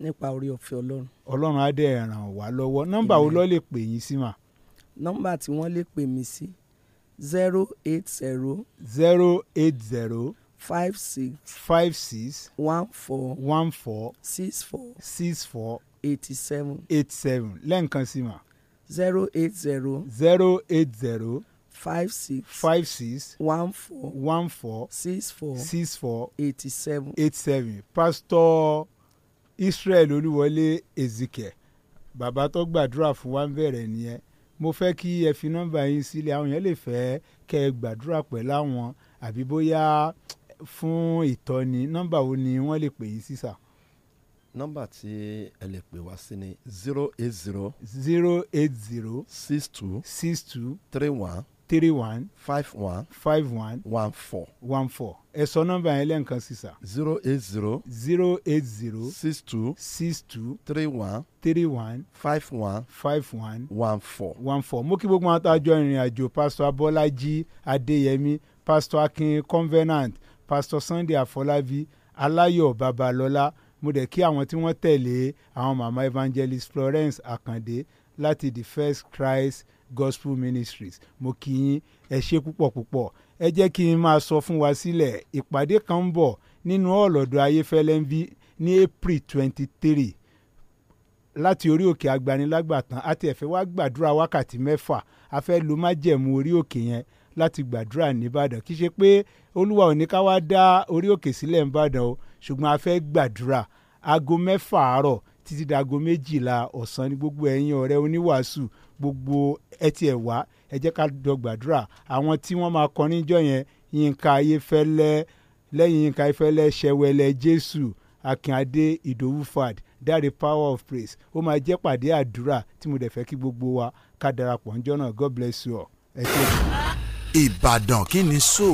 S3: nípa orí ọ̀fẹ́ ọlọ́run.
S4: ọlọ́run á dẹ̀ ràn wá lọ́wọ́ nọ́mbà wo ló lè pè yín sí mà
S3: nọ́mbà tí wọ́n lè pè mí sí zero
S4: eight zero. zero eight zero five six. five six. one four. one four. six four. six four. eighty seven. eighty seven lẹ́ǹkan sí ma. zero eight zero. zero eight zero. five six. five six. one four. one four. six four. six four. eighty seven. eighty seven pásítọ̀ Israel Olúwọlé Ezike bàbá tó gbàdúrà fún wa ń bẹ̀rẹ̀ nìyẹn mo fẹ́ kí ẹ fi nọ́mbà yín sílẹ̀ àwọn yẹn lè fẹ́ kẹ́ ẹ gbàdúrà pẹ̀lú àwọn àbí bóyá fún ìtọ́ni nọ́mbà wo ni wọ́n lè pè yín sí sà.
S7: nọ́mbà tí ẹ lè pè wá sí ni
S4: zero eight zero. zero eight zero. six two. six two. three one three one. five one. five one. one four. one four. ẹ sọ nọ́mbà yẹn lẹ́ǹkan sísà. zero eight zero. zero eight zero. six two. six two. three one. three one. five one. five one. one four. one four. mo kí gbogbo àwọn tó àjọ ìrìn àjò pásítọ̀ abọ́lájí adéyẹmí pásítọ̀ akin convenant pásítọ̀ sunday àfọlábí aláyọ̀ babalọ́lá mo dẹ̀ kí àwọn tí wọ́n tẹ̀lé àwọn mama evangelist florence akande láti the first christ Gospel Ministries mo kí yín ẹ ṣe púpọ̀ púpọ̀ ẹ jẹ́ kí n máa sọ fún wa sílẹ̀ ìpàdé kan ń bọ̀ nínú ọ̀lọ́dọ̀ ayéfẹ́lẹ́ ń bí ní April twenty three láti orí òkè agbanilágbàtàn àti ẹ̀fẹ́ wá gbàdúrà wákàtí mẹ́fà a fẹ́ lu májẹ̀mú orí òkè yẹn láti gbàdúrà nìbàdàn kì í ṣe pé olúwa ò ní ká wá dá orí òkè sílẹ̀ nìbàdàn o ṣùgbọ́n a fẹ́ gbàdúrà aago mẹ́fà àárọ̀ títí dago méjìlá ọ̀sán ni gbogbo ẹ̀yin ọ̀rẹ́ oníwàásù gbogbo ẹ tiẹ̀ wá ẹ jẹ́ ká dọ̀ gbàdúrà àwọn tí wọ́n máa kọ níjọ́ yẹn yínká ayéfẹ́lẹ́ lẹ́yìn yínká ayéfẹ́lẹ́ ṣẹwẹ́lẹ́ jésù akínadé ìdòwú fad dáre power of praise ó máa jẹ́ pàdé àdúrà tí mo dẹ̀ fẹ́ kí gbogbo wa ká darapọ̀ níjọ́ náà god bless you all ẹ ṣe. ìbàdàn
S7: kí ni so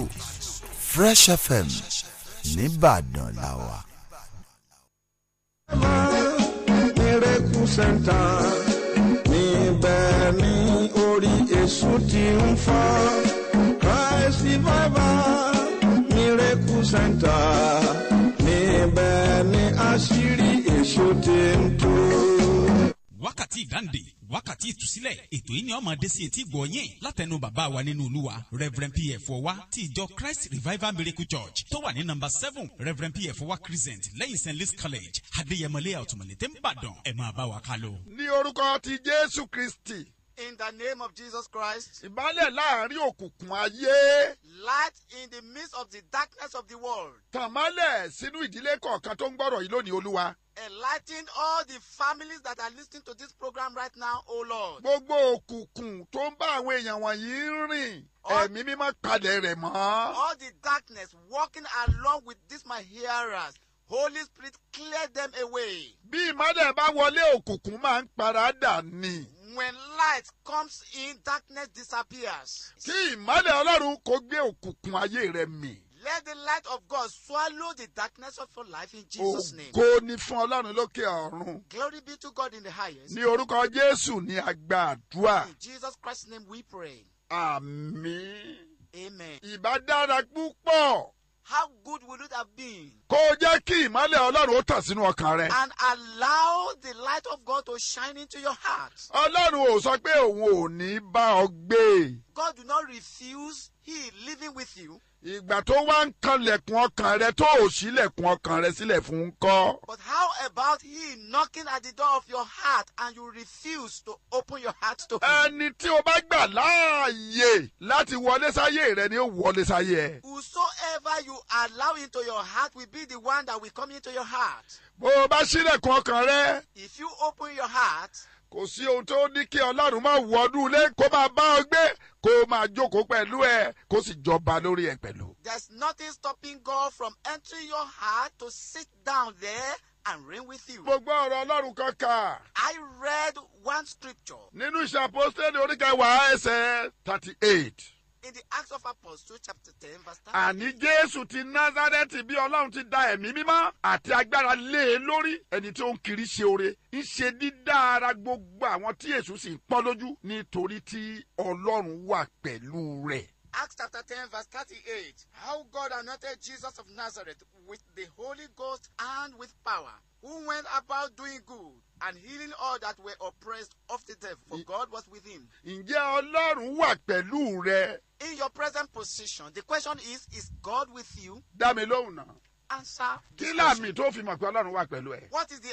S7: fresh fm nìbàdàn la wà.
S8: miracle center
S1: níbẹ̀. Jésù ti ń fọ́ Christ revival miracle center níbẹ̀ ni àṣírí èso ti ń tó.
S2: wákàtí ìdáǹdè wákàtí ìtúsílẹ̀ ètò yìí ni ọmọ adésì etí gbọ̀nyìn látẹnu bàbá wa nínú olúwa reverend pf ọwa ti ìjọ christ revival miracle church tó wà ní nọ́mbà seven reverend pf ọwa crescent lẹ́yìn st louis college adéyẹmọlẹ́yà ọ̀túnmọ̀lẹ́tẹ̀ ń bàdàn ẹ̀ máa bá wa ká ní
S8: orúkọ ti jésù kristi in the name of Jesus Christ. Ìmọ́lẹ̀ láàrin òkùnkùn ayé.
S5: Light in the midst of the darkness of the world.
S8: Tàmálẹ̀ sínú ìdílé kọ̀ọ̀kan tó ń gbọ́rọ̀ yìí lónìí Olúwa.
S5: Enlighten all the families that are listening to this program right now, O Lord.
S8: Gbogbo òkùnkùn tó ń bá àwọn èèyàn wọ̀nyí rìn. Ẹ̀mí mímọ́ palẹ̀ rẹ̀ mọ́. All
S5: the darkness walking along with this my hearers. Holy Spirit clear them away.
S8: Bí ìmọ́lẹ̀ bá wọlé òkùnkùn máa ń paradà ni
S5: when light comes in darkness disappears.
S8: kí ìmọ́lẹ̀ ọlọ́run kó gbé òkùnkùn ayé rẹ mì.
S5: Let the light of God swallow the darkness of your life in
S8: Jesus' name. Ògo ni fún Ọlọ́run lókè ọ̀run.
S5: Glory be to God in the highest. Ní orúkọ Jésù
S8: ni a gba àdúrà. In
S5: Jesus Christ's name we pray.
S8: Àmín. Amen. Ìbá dára púpọ̀
S5: how good will it have been.
S8: kó jẹ́ kí ìmọ́lẹ̀ ọlọ́run ó tàn sínú ọkàn rẹ. and
S5: allow the light of God to shine into your heart.
S8: ọlọ́run ò sọ pé òun ò ní bá ọ gbé.
S5: God do not refuse he living with you
S8: ìgbà tó wá ń kanlẹ̀kùn ọkàn rẹ tó ò sílẹ̀kùn ọkàn rẹ sílẹ̀ fún kọ́. But
S5: how about he knocking at the door of your heart and you refuse to
S8: open your heart to him? Ẹni tí o bá gbà láàyè láti wọlé sáyé rẹ ni ó wọlé sáyé
S5: Whosoever you allow into your heart will be the one that will come into your heart.
S8: Bó o bá sílẹ̀kùn ọkàn rẹ.
S5: If you open your heart
S8: kò sí ohun tó ní kí ọlọ́run máa wọ ọdún ilé kó máa bá ọ gbé kó máa jókòó pẹ̀lú ẹ kó sì jọba lórí ẹ pẹ̀lú.
S5: there is nothing stopping God from entering your heart to sit down there and reign with you. Mo gbọ́ ọ̀rọ̀ Ọlọ́run kan I read one
S8: scripture. Nínú ìṣàpọ́sítẹ́lì oríkẹwàá ẹsẹ̀ thirty-eight in the
S5: Acts of
S6: Apostles chapter
S8: ten verse ten. Àní Jésù ti Násárẹ́tì bí Ọlọ́run ti da ẹ̀mí mímọ́ àti agbára lé e lórí ẹni tí ó ń kiri ṣe oore. Ń ṣe dídá ara gbogbo àwọn tí Èṣù sì ń pọ́n lójú nítorí tí Ọlọ́run wà pẹ̀lú rẹ̀.
S5: Acts chapter 10, verse 38. How God anointed Jesus of Nazareth with the Holy Ghost and with power, who went about doing good and healing all that were oppressed of the devil, for God was with him. In your present position, the question is, is God with you? Dá mi Answer
S8: What is the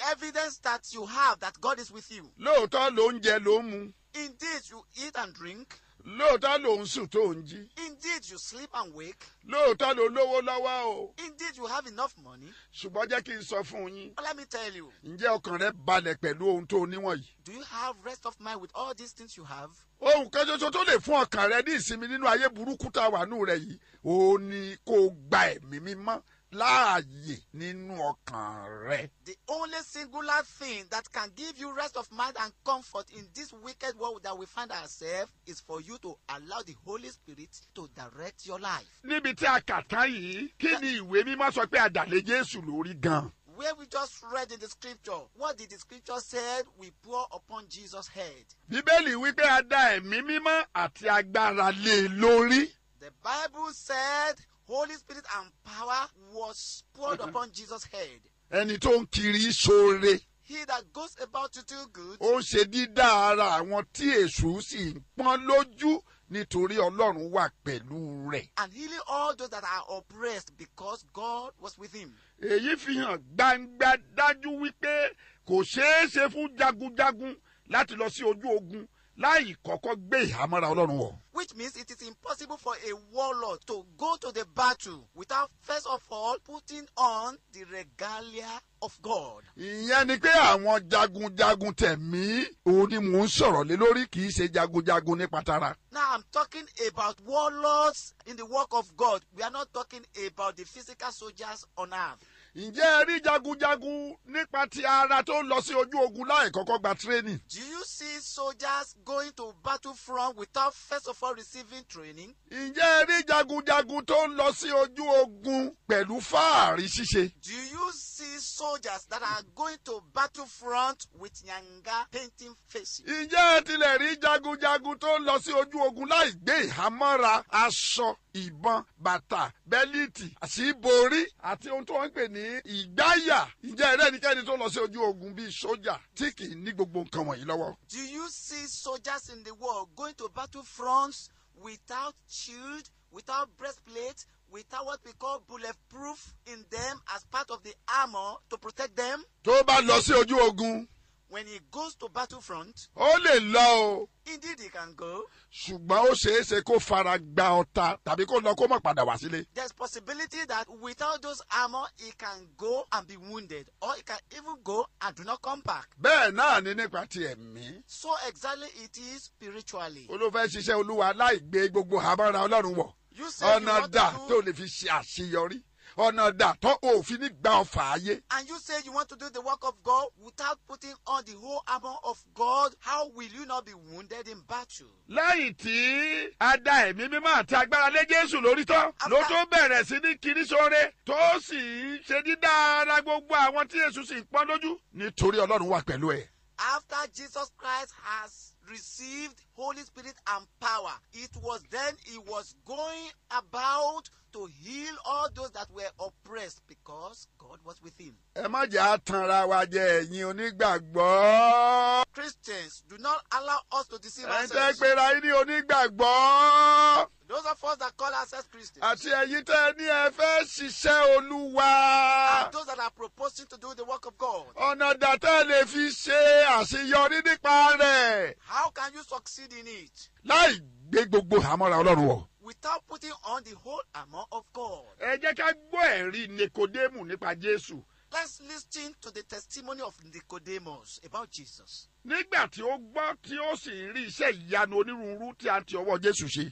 S5: evidence that you have that God is with you?
S8: Lóòótọ́ ló ń jẹ ló ń mu. Indeed, you eat and drink lóòótọ́ ló sùn tó ń jí. indeed you sleep and wake. lóòótọ́ ló lówó lọ́wọ́ o. indeed you have enough money. ṣùgbọ́n jẹ́ kí n sọ fún yín. let me tell you. ǹjẹ́ ọkàn rẹ balẹ̀ pẹ̀lú ohun tó níwọ̀nyí. do you have rest
S5: of mind with all these things you have.
S8: ohun kan ṣoṣo tó lè fún ọkàn rẹ ní ìsinmi nínú ayé burúkú tá a wà nù rẹ yìí òun ni kó gba ẹ̀mí mímọ́ láàyè nínú ọkàn rẹ. the
S5: only singular thing that can give you rest of mind and comfort in this wicked world that we find ourselves is for you to allow the holy spirit to direct your life.
S8: níbi tí a kà tán yìí kí ni ìwé mímọ́ sọ pé àdàlẹ́ jésù lórí gan
S5: where we just read in the scripture what did the scripture say? we pour upon Jesus head.
S8: bíbélì wípé a dá ẹ̀mí mímọ́ àti agbára lé e lórí.
S5: the bible said Holy Spirit and power was poured upon Jesus' head.
S8: Ẹni tó ń kiri ṣoore.
S5: He that goes about to do good.
S8: Ó ń ṣe dídá ara àwọn tí èṣù sì ń pọ́n lójú nítorí Ọlọ́run wà pẹ̀lú rẹ̀. And healing all those that are oppressed because God was with him. Èyí fi hàn gbangba dájú wípé kò ṣeé ṣe fún jagunjagun láti lọ sí ojú ogun láì kọ́kọ́ gbé ìhámọ́ra ọlọ́run wọ̀.
S5: which means it is impossible for a warlord to go to the battle without first of all putting on the regalia
S8: of God. ìyẹn ni pé àwọn jagunjagun tẹ̀mí òun ni mò ń sọ̀rọ̀ lé lórí kì í ṣe jagunjagun nípa tara.
S5: now I'm talking about warlords in the work of God we are not talking about the physical soldiers on earth
S8: ǹjẹ́ ẹ rí jagunjagun nípa ti ara tó ń lọ sí ojú ogun láì kọ́kọ́ gba training.
S5: do you see soldiers going to battle front without first of all receiving training.
S8: ǹjẹ́ ẹ rí jagunjagun tó ń lọ sí ojú ogun pẹ̀lú fáàrí ṣíṣe.
S5: do you see soldiers that are going to battle front with yanga painting faces.
S8: ǹjẹ́ ẹ tilẹ̀ rí jagunjagun tó ń lọ sí ojú ogun láì gbé ìhámọ́ra aṣọ ìbọn bàtà bẹ́líìtì àṣìborí àti ohun tó ń pè ní ìgbáyà ìjẹ́ ẹ̀rẹ́ ẹnikẹ́ni tó lọ sí ojú ogun bíi sójà tí kì í ní gbogbo nǹkan wọ̀nyí lọ́wọ́. Do you
S5: see soldiers in the world going to battle fronts without shield, without breastplate, without what we call bulletproof in them as part of the armour to protect them?
S8: tó bá lọ sí ojú ogun
S5: when he goes to battlefront. ó lè lọ o. indeed he can go.
S8: ṣùgbọ́n ó ṣeé ṣe kó fara gba ọta tàbí kó lọ kó má padà wá sílé.
S5: there is possibility that without those armour he can go and be wounded or he can even go and do not come back.
S8: bẹ́ẹ̀ náà ni nípa ti ẹ̀mí.
S5: so exactly it is spiritually.
S8: olùfẹ́ ṣiṣẹ́ olúwa láì gbé gbogbo àmọ́ra ọlọ́run wọ̀
S5: ọ̀nà dà tó
S8: lè fi ṣe àṣeyọrí ọ̀nà dàtọ́ òfin ní gba ọ̀fà ayé.
S5: and you say you want to do the work of God without putting on the whole armor of God how will you not be wounded in battle.
S8: lẹ́yìn tí a da ẹ̀mí mímọ́ àti agbára lé Jésù lórí tán ló tó bẹ̀rẹ̀ sí ní kiri sóore tó sì ń ṣe dídára gbogbo àwọn tí Jésù sì ń pọ́n lójú nítorí Ọlọ́run wà pẹ̀lú ẹ̀.
S5: after Jesus Christ has received Holy Spirit and power. It was then he was going about to heal all those that were oppressed because God was with him.
S8: Ẹ má jẹ́ àtànra wa jẹ ẹ̀yin onígbàgbọ́.
S5: Christians do not allow us to deceive ourselves. Ẹ ń tẹ́ yín
S8: ní onígbàgbọ́.
S5: Those of us that call ourselves
S8: Christians. Àti ẹ̀yin tẹ́ ẹ ní ẹ fẹ́ ṣiṣẹ́ Olúwa. And
S5: those that are proposing to do the
S8: work of God. Ọ̀nà dàtẹ́ lè fi ṣe àṣeyọrí nípa rẹ̀.
S5: How can you succeed? succeed in it.
S8: láì gbé gbogbo àmọ́ra ọlọ́run wọ̀.
S5: without putting on the whole armor of God.
S8: ẹ jẹ́ ká gbọ́
S5: ẹ̀rí nikodemu
S8: nípa jésù. let's
S5: listen to the testimony of Nicodemus about Jesus.
S8: nígbà tí ó gbọ́ tí ó sì rí iṣẹ́ ìyanu onírúurú tí a ti ọwọ́ jésù ṣe.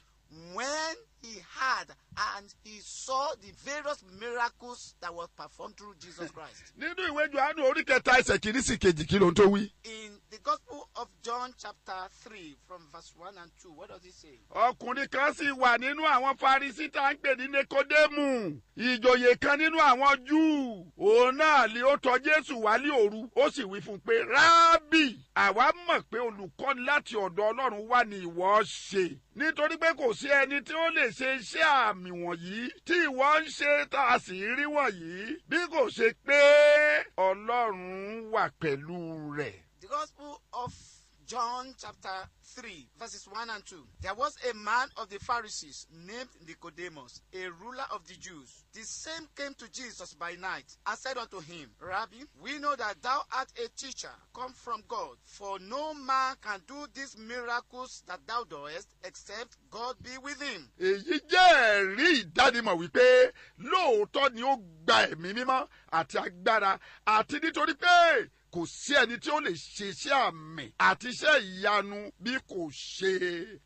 S8: when
S5: he heard and he saw the various miracles that were performed through Jesus <laughs> Christ.
S8: Nínú ìwé Jòhánù orí ẹsẹ̀ kìíní sí kejì kí ló ń tó wí.
S5: In the gospel of John chapter three from verse one and two what does it say?
S8: Ọkùnrin kan sì wà nínú àwọn Farisí tá à ń pè ní Nikodemu. Ìjòyè kan nínú àwọn Júù. Òun náà ni ó tọ̀ Jésù wálé òru. Ó sì wí fún un pé Rábì àwa mọ̀ pé olùkọ́ni láti ọ̀dọ̀ Ọlọ́run wá ni ìwọ ṣe. Nítorí pé kò sí ẹni tí ó lè ṣe iṣẹ́ àmì wọ̀nyí tí ìwọ ń ṣe tá a sì rí wọ̀nyí bí kò ṣe pé Ọlọ́run wà pẹ̀lú rẹ̀.
S5: The gospel of John chapter 3, verses 1 and 2. There was a man of the Pharisees named Nicodemus, a ruler of the Jews. The same came to Jesus by night and said unto him, Rabbi, we know that thou art a teacher come from God, for no man can do these miracles that thou doest except God be with him.
S8: Èyí jẹ́ ẹ̀rí ìdánimọ̀ wípé lóòótọ́ ni ó gba ẹ̀mí mímọ́ àti agbára àti nítorí pé kò sí ẹni tí ó lè ṣe iṣẹ́ àmì àti iṣẹ́ ìyanu bí kò ṣe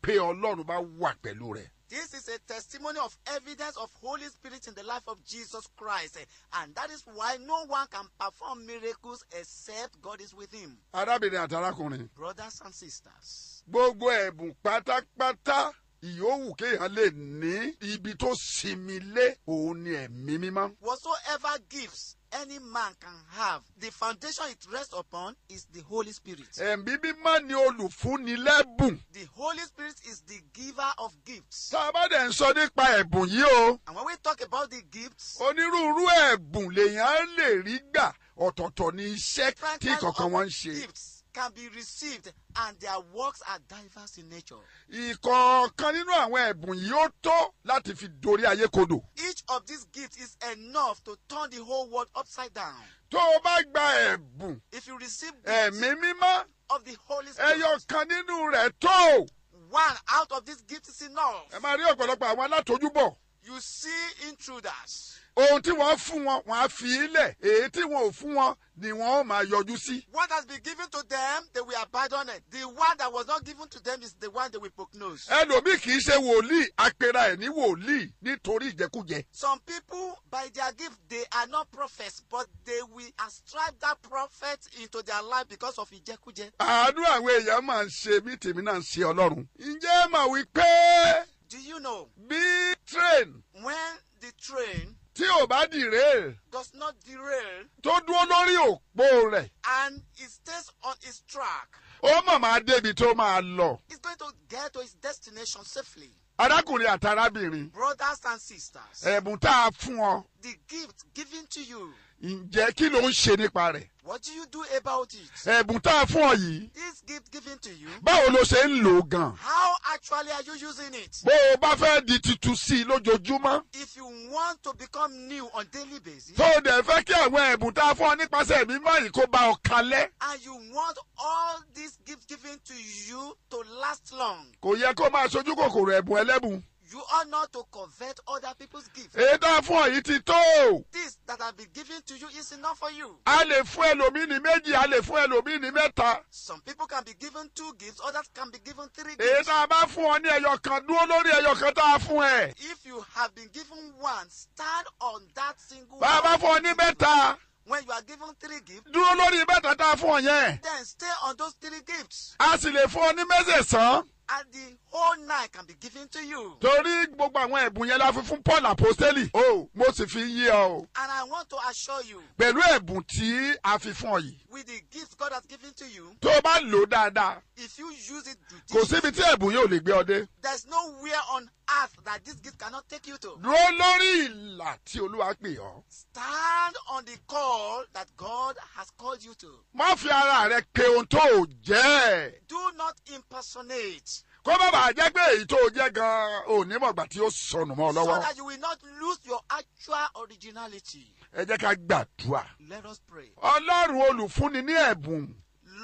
S8: pé ọlọ́run bá wà pẹ̀lú rẹ̀.
S5: This is a testimony of evidence of Holy Spirit in the life of Jesus Christ, and that is why no one can perform miracles except God is with him.
S8: Arábìnrin àtàrákùnrin.
S5: Brothers and sisters.
S8: Gbogbo ẹ̀bùn pátápátá ìyówù kéèyàn lè ní ibi tó sinmi lé òun ni ẹ̀mí mímọ́.
S5: Whatsoever gifts any man can have, the foundation it
S8: rests upon is the Holy Spirit. Ẹ̀mí mímọ́ ni olùfúnni
S5: The Holy Spirit is the giver of gifts.
S8: Tá a bá dẹ̀ ń sọ nípa ẹ̀bùn yìí o. And when we talk about the gifts. Onírúurú ẹ̀bùn lèèyàn lè rí gbà ọ̀tọ̀ọ̀tọ̀ ní iṣẹ́ tí kọ̀ọ̀kan wọn ń ṣe. Gifts
S5: can be received and their works are diverse in nature.
S8: ìkọ̀ọ̀kan nínú àwọn ẹ̀bùn yìí ó tó láti fi dorí ayé kodò.
S5: each of these gifts is enough to turn the whole world upside down.
S8: tó o bá gba ẹ̀bùn.
S5: if you receive gifts. ẹ̀mí mímọ́. of the holy spirit. ẹyọ
S8: nínú rẹ̀ tó.
S5: one out of these gifts is enough.
S8: ẹ máa rí ọ̀pọ̀lọpọ̀ àwọn alátojúbọ̀.
S5: you see intruders
S8: ohun tí wọ́n fún wọn wọ́n á fi ilẹ̀ èyí tí wọn ò fún wọn ni wọ́n ó máa yọjú sí.
S5: what has been given to them they will abandon it the one that was not given to them is the one they will prognose. ẹlòmíì
S8: kì í ṣe wòlíì apẹ̀rẹ̀ ẹ̀ ní wòlíì nítorí ìjẹkújẹ.
S5: some people by their gift they are not prophets but they will ascribe that prophet into their life because of ìjẹkújẹ.
S8: àánú àwọn èèyàn máa ń ṣe bí tèmi náà ń ṣe ọlọ́run. ǹjẹ́ màá wí pé. do you know. bí train.
S5: when the train
S8: tí ò bá dìré.
S5: does not derail. tó dúró lórí òpó rẹ̀. and he stays on his track.
S8: ó mọ̀ máa débi tó máa lọ. he is
S5: going to get to his destination safely.
S8: arákùnrin àti arábìnrin.
S5: brothers and sisters.
S8: ẹ̀bùn tá a fún ọ.
S5: the gift given to you
S8: ǹjẹ́ kí ló ń ṣe nípa rẹ̀.
S5: What do you do about it?
S8: Ẹ̀bùn tá a fún ọ yìí. This gift given to you. Báwo ló ṣe ń lò ó gan?
S5: How actually are you using it? Bó
S8: o bá fẹ́ di tuntun sí i lójoojúmọ́. If
S5: you want to become new on daily basis. Tó o dẹ̀ fẹ́ kí
S8: àwọn ẹ̀bùn tá a fún ọ nípasẹ̀ mímọ́ yìí kó bá ọ kalẹ̀.
S5: And you want all this gift given to you to last long.
S8: Kò yẹ kó máa ṣojú kòkòrò ẹ̀bùn ẹlẹ́bùn.
S5: You ought not to convert other people's gifts. Èdè fún ọ ti tó. This that has been giving to you is enough for you.
S8: A lè fún ẹlòmíì ní méjì, a lè fún ẹlòmíì ní mẹ́ta.
S5: Some people can be given two gifts, others can be given three gifts. Èdè bá fún ọ ní
S8: ẹyọ dúró lórí ẹyọ tá a fún ẹ.
S5: If you have been given one, stand on that single one. Bàbá fún ọ ní mẹ́ta. When you are given three
S8: gifts. Dúró lórí mẹ́ta tá a fún ọ yẹn.
S5: Then stay on those three gifts. A sì lè fún
S8: ọ ní mẹ́sẹ̀sán
S5: and the whole nine can be given to you.
S8: torí gbogbo àwọn ẹ̀bùn yẹn la fi fún paul apostoli o mo sì fi yí ọ
S5: and i want to assure you. pẹ̀lú ẹ̀bùn
S8: tí a fi fún ọ yìí.
S5: with the gift God has given to you.
S8: tó o bá lò ó dáadáa.
S5: if you use it
S8: judiciously. kò síbi tí ẹ̀bùn yóò lè gbé ọ dé.
S5: there is nowhere on earth that this gift cannot take you
S8: to. dúró lórí ìlà tí olúwa pè ọ.
S5: stand on the call that God has called you to. má fi ara rẹ
S8: pe ohun tó o jẹ́.
S5: do not impersonate
S8: kó má bàa jẹ́ pé èyí tó jẹ́ gan-an ní mọ̀gbà tí ó sọnù mọ́ ọ lọ́wọ́. so that you
S5: will not lose your actual originality.
S8: ẹ jẹ́ ká gbàdúrà. let us pray. ọlọ́run olùfúnni ní ẹ̀bùn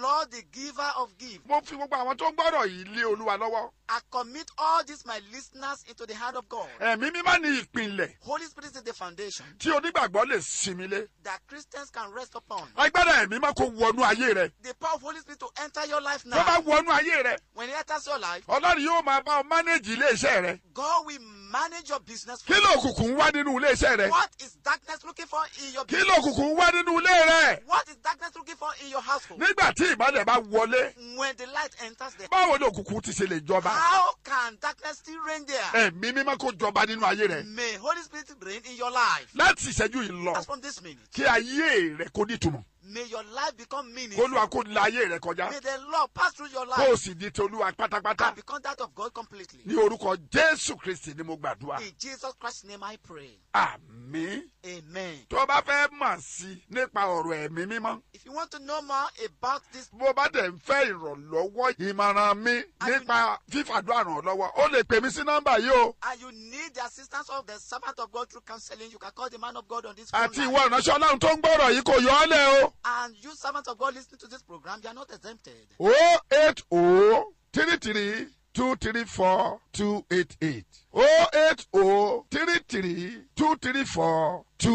S5: Lord the giver of gifts. Mo fi gbogbo àwọn tó ń
S8: gbọ́rọ̀ yìí lé Olúwa lọ́wọ́.
S5: I commit all these my listeners into the hand of God.
S8: Ẹ̀mí mímọ́ ni ìpìlẹ̀.
S5: Holy Spirit is the foundation.
S8: Tí onígbàgbọ́ lè sinmi lé.
S5: That Christians can rest upon.
S8: Agbára ẹ̀mí máa kó wọnú ayé rẹ.
S5: The power of Holy Spirit to enter your life now. Tó bá wọnú ayé rẹ. When he enters your life. Ọlọ́run
S8: yóò máa bá ọ mánéjì ilé iṣẹ́ rẹ.
S5: God will manage your business.
S8: Kí ló òkùnkùn ń wá nínú ilé iṣẹ́ rẹ? What
S5: is darkness looking for in your business? Kí ló òkùnkùn ń wá nínú ilé rẹ? What is darkness looking for in your household? Nígbà tí tí ìmọ̀lẹ̀
S8: bá wọlé.
S5: when the light enters the. báwo
S8: ni òkùnkùn ti ṣe lè jọba. how
S5: can darkness still reign there.
S8: ẹ̀mí mímọ́ kó jọba nínú ayé rẹ.
S5: may holy spirit reign in your life. láti
S8: ìṣẹ́jú yìí lọ. as from
S5: this minute. kí ayé
S8: rẹ kó nítumọ̀.
S5: May your life become meaning. Olúwa kò la ayé rẹ kọjá. May the law pass through your life. Kó o sì
S8: di ti Olúwa pátápátá. And become
S5: that of God completely. Ní orúkọ
S8: Jésù Kristi ni mo gbàdúrà. In
S5: Jesus Christ's name I pray.
S8: Àmín. Amen. Tó o bá fẹ́ mọ̀ sí i nípa ọ̀rọ̀ ẹ̀mí mímọ́. If you want to know more about this. Bó bá dẹ̀ ń fẹ́ ìrànlọ́wọ́ ìmọ̀ràn mi nípa fífàdúrà ràn lọ́wọ́, ó lè pè mí sí nọ́mbà yìí o.
S5: And you need the assistance of the servant of God through counseling. You can call the man of God on this phone line. Àti ìwọ ìránṣẹ́ Ọlọ́run tó ń gbọ́rọ̀ yìí kò yọ ọ́ lẹ̀ o. And you servants of God listening to this program, you are not exempted.
S8: 080 234 288 080 33 234 288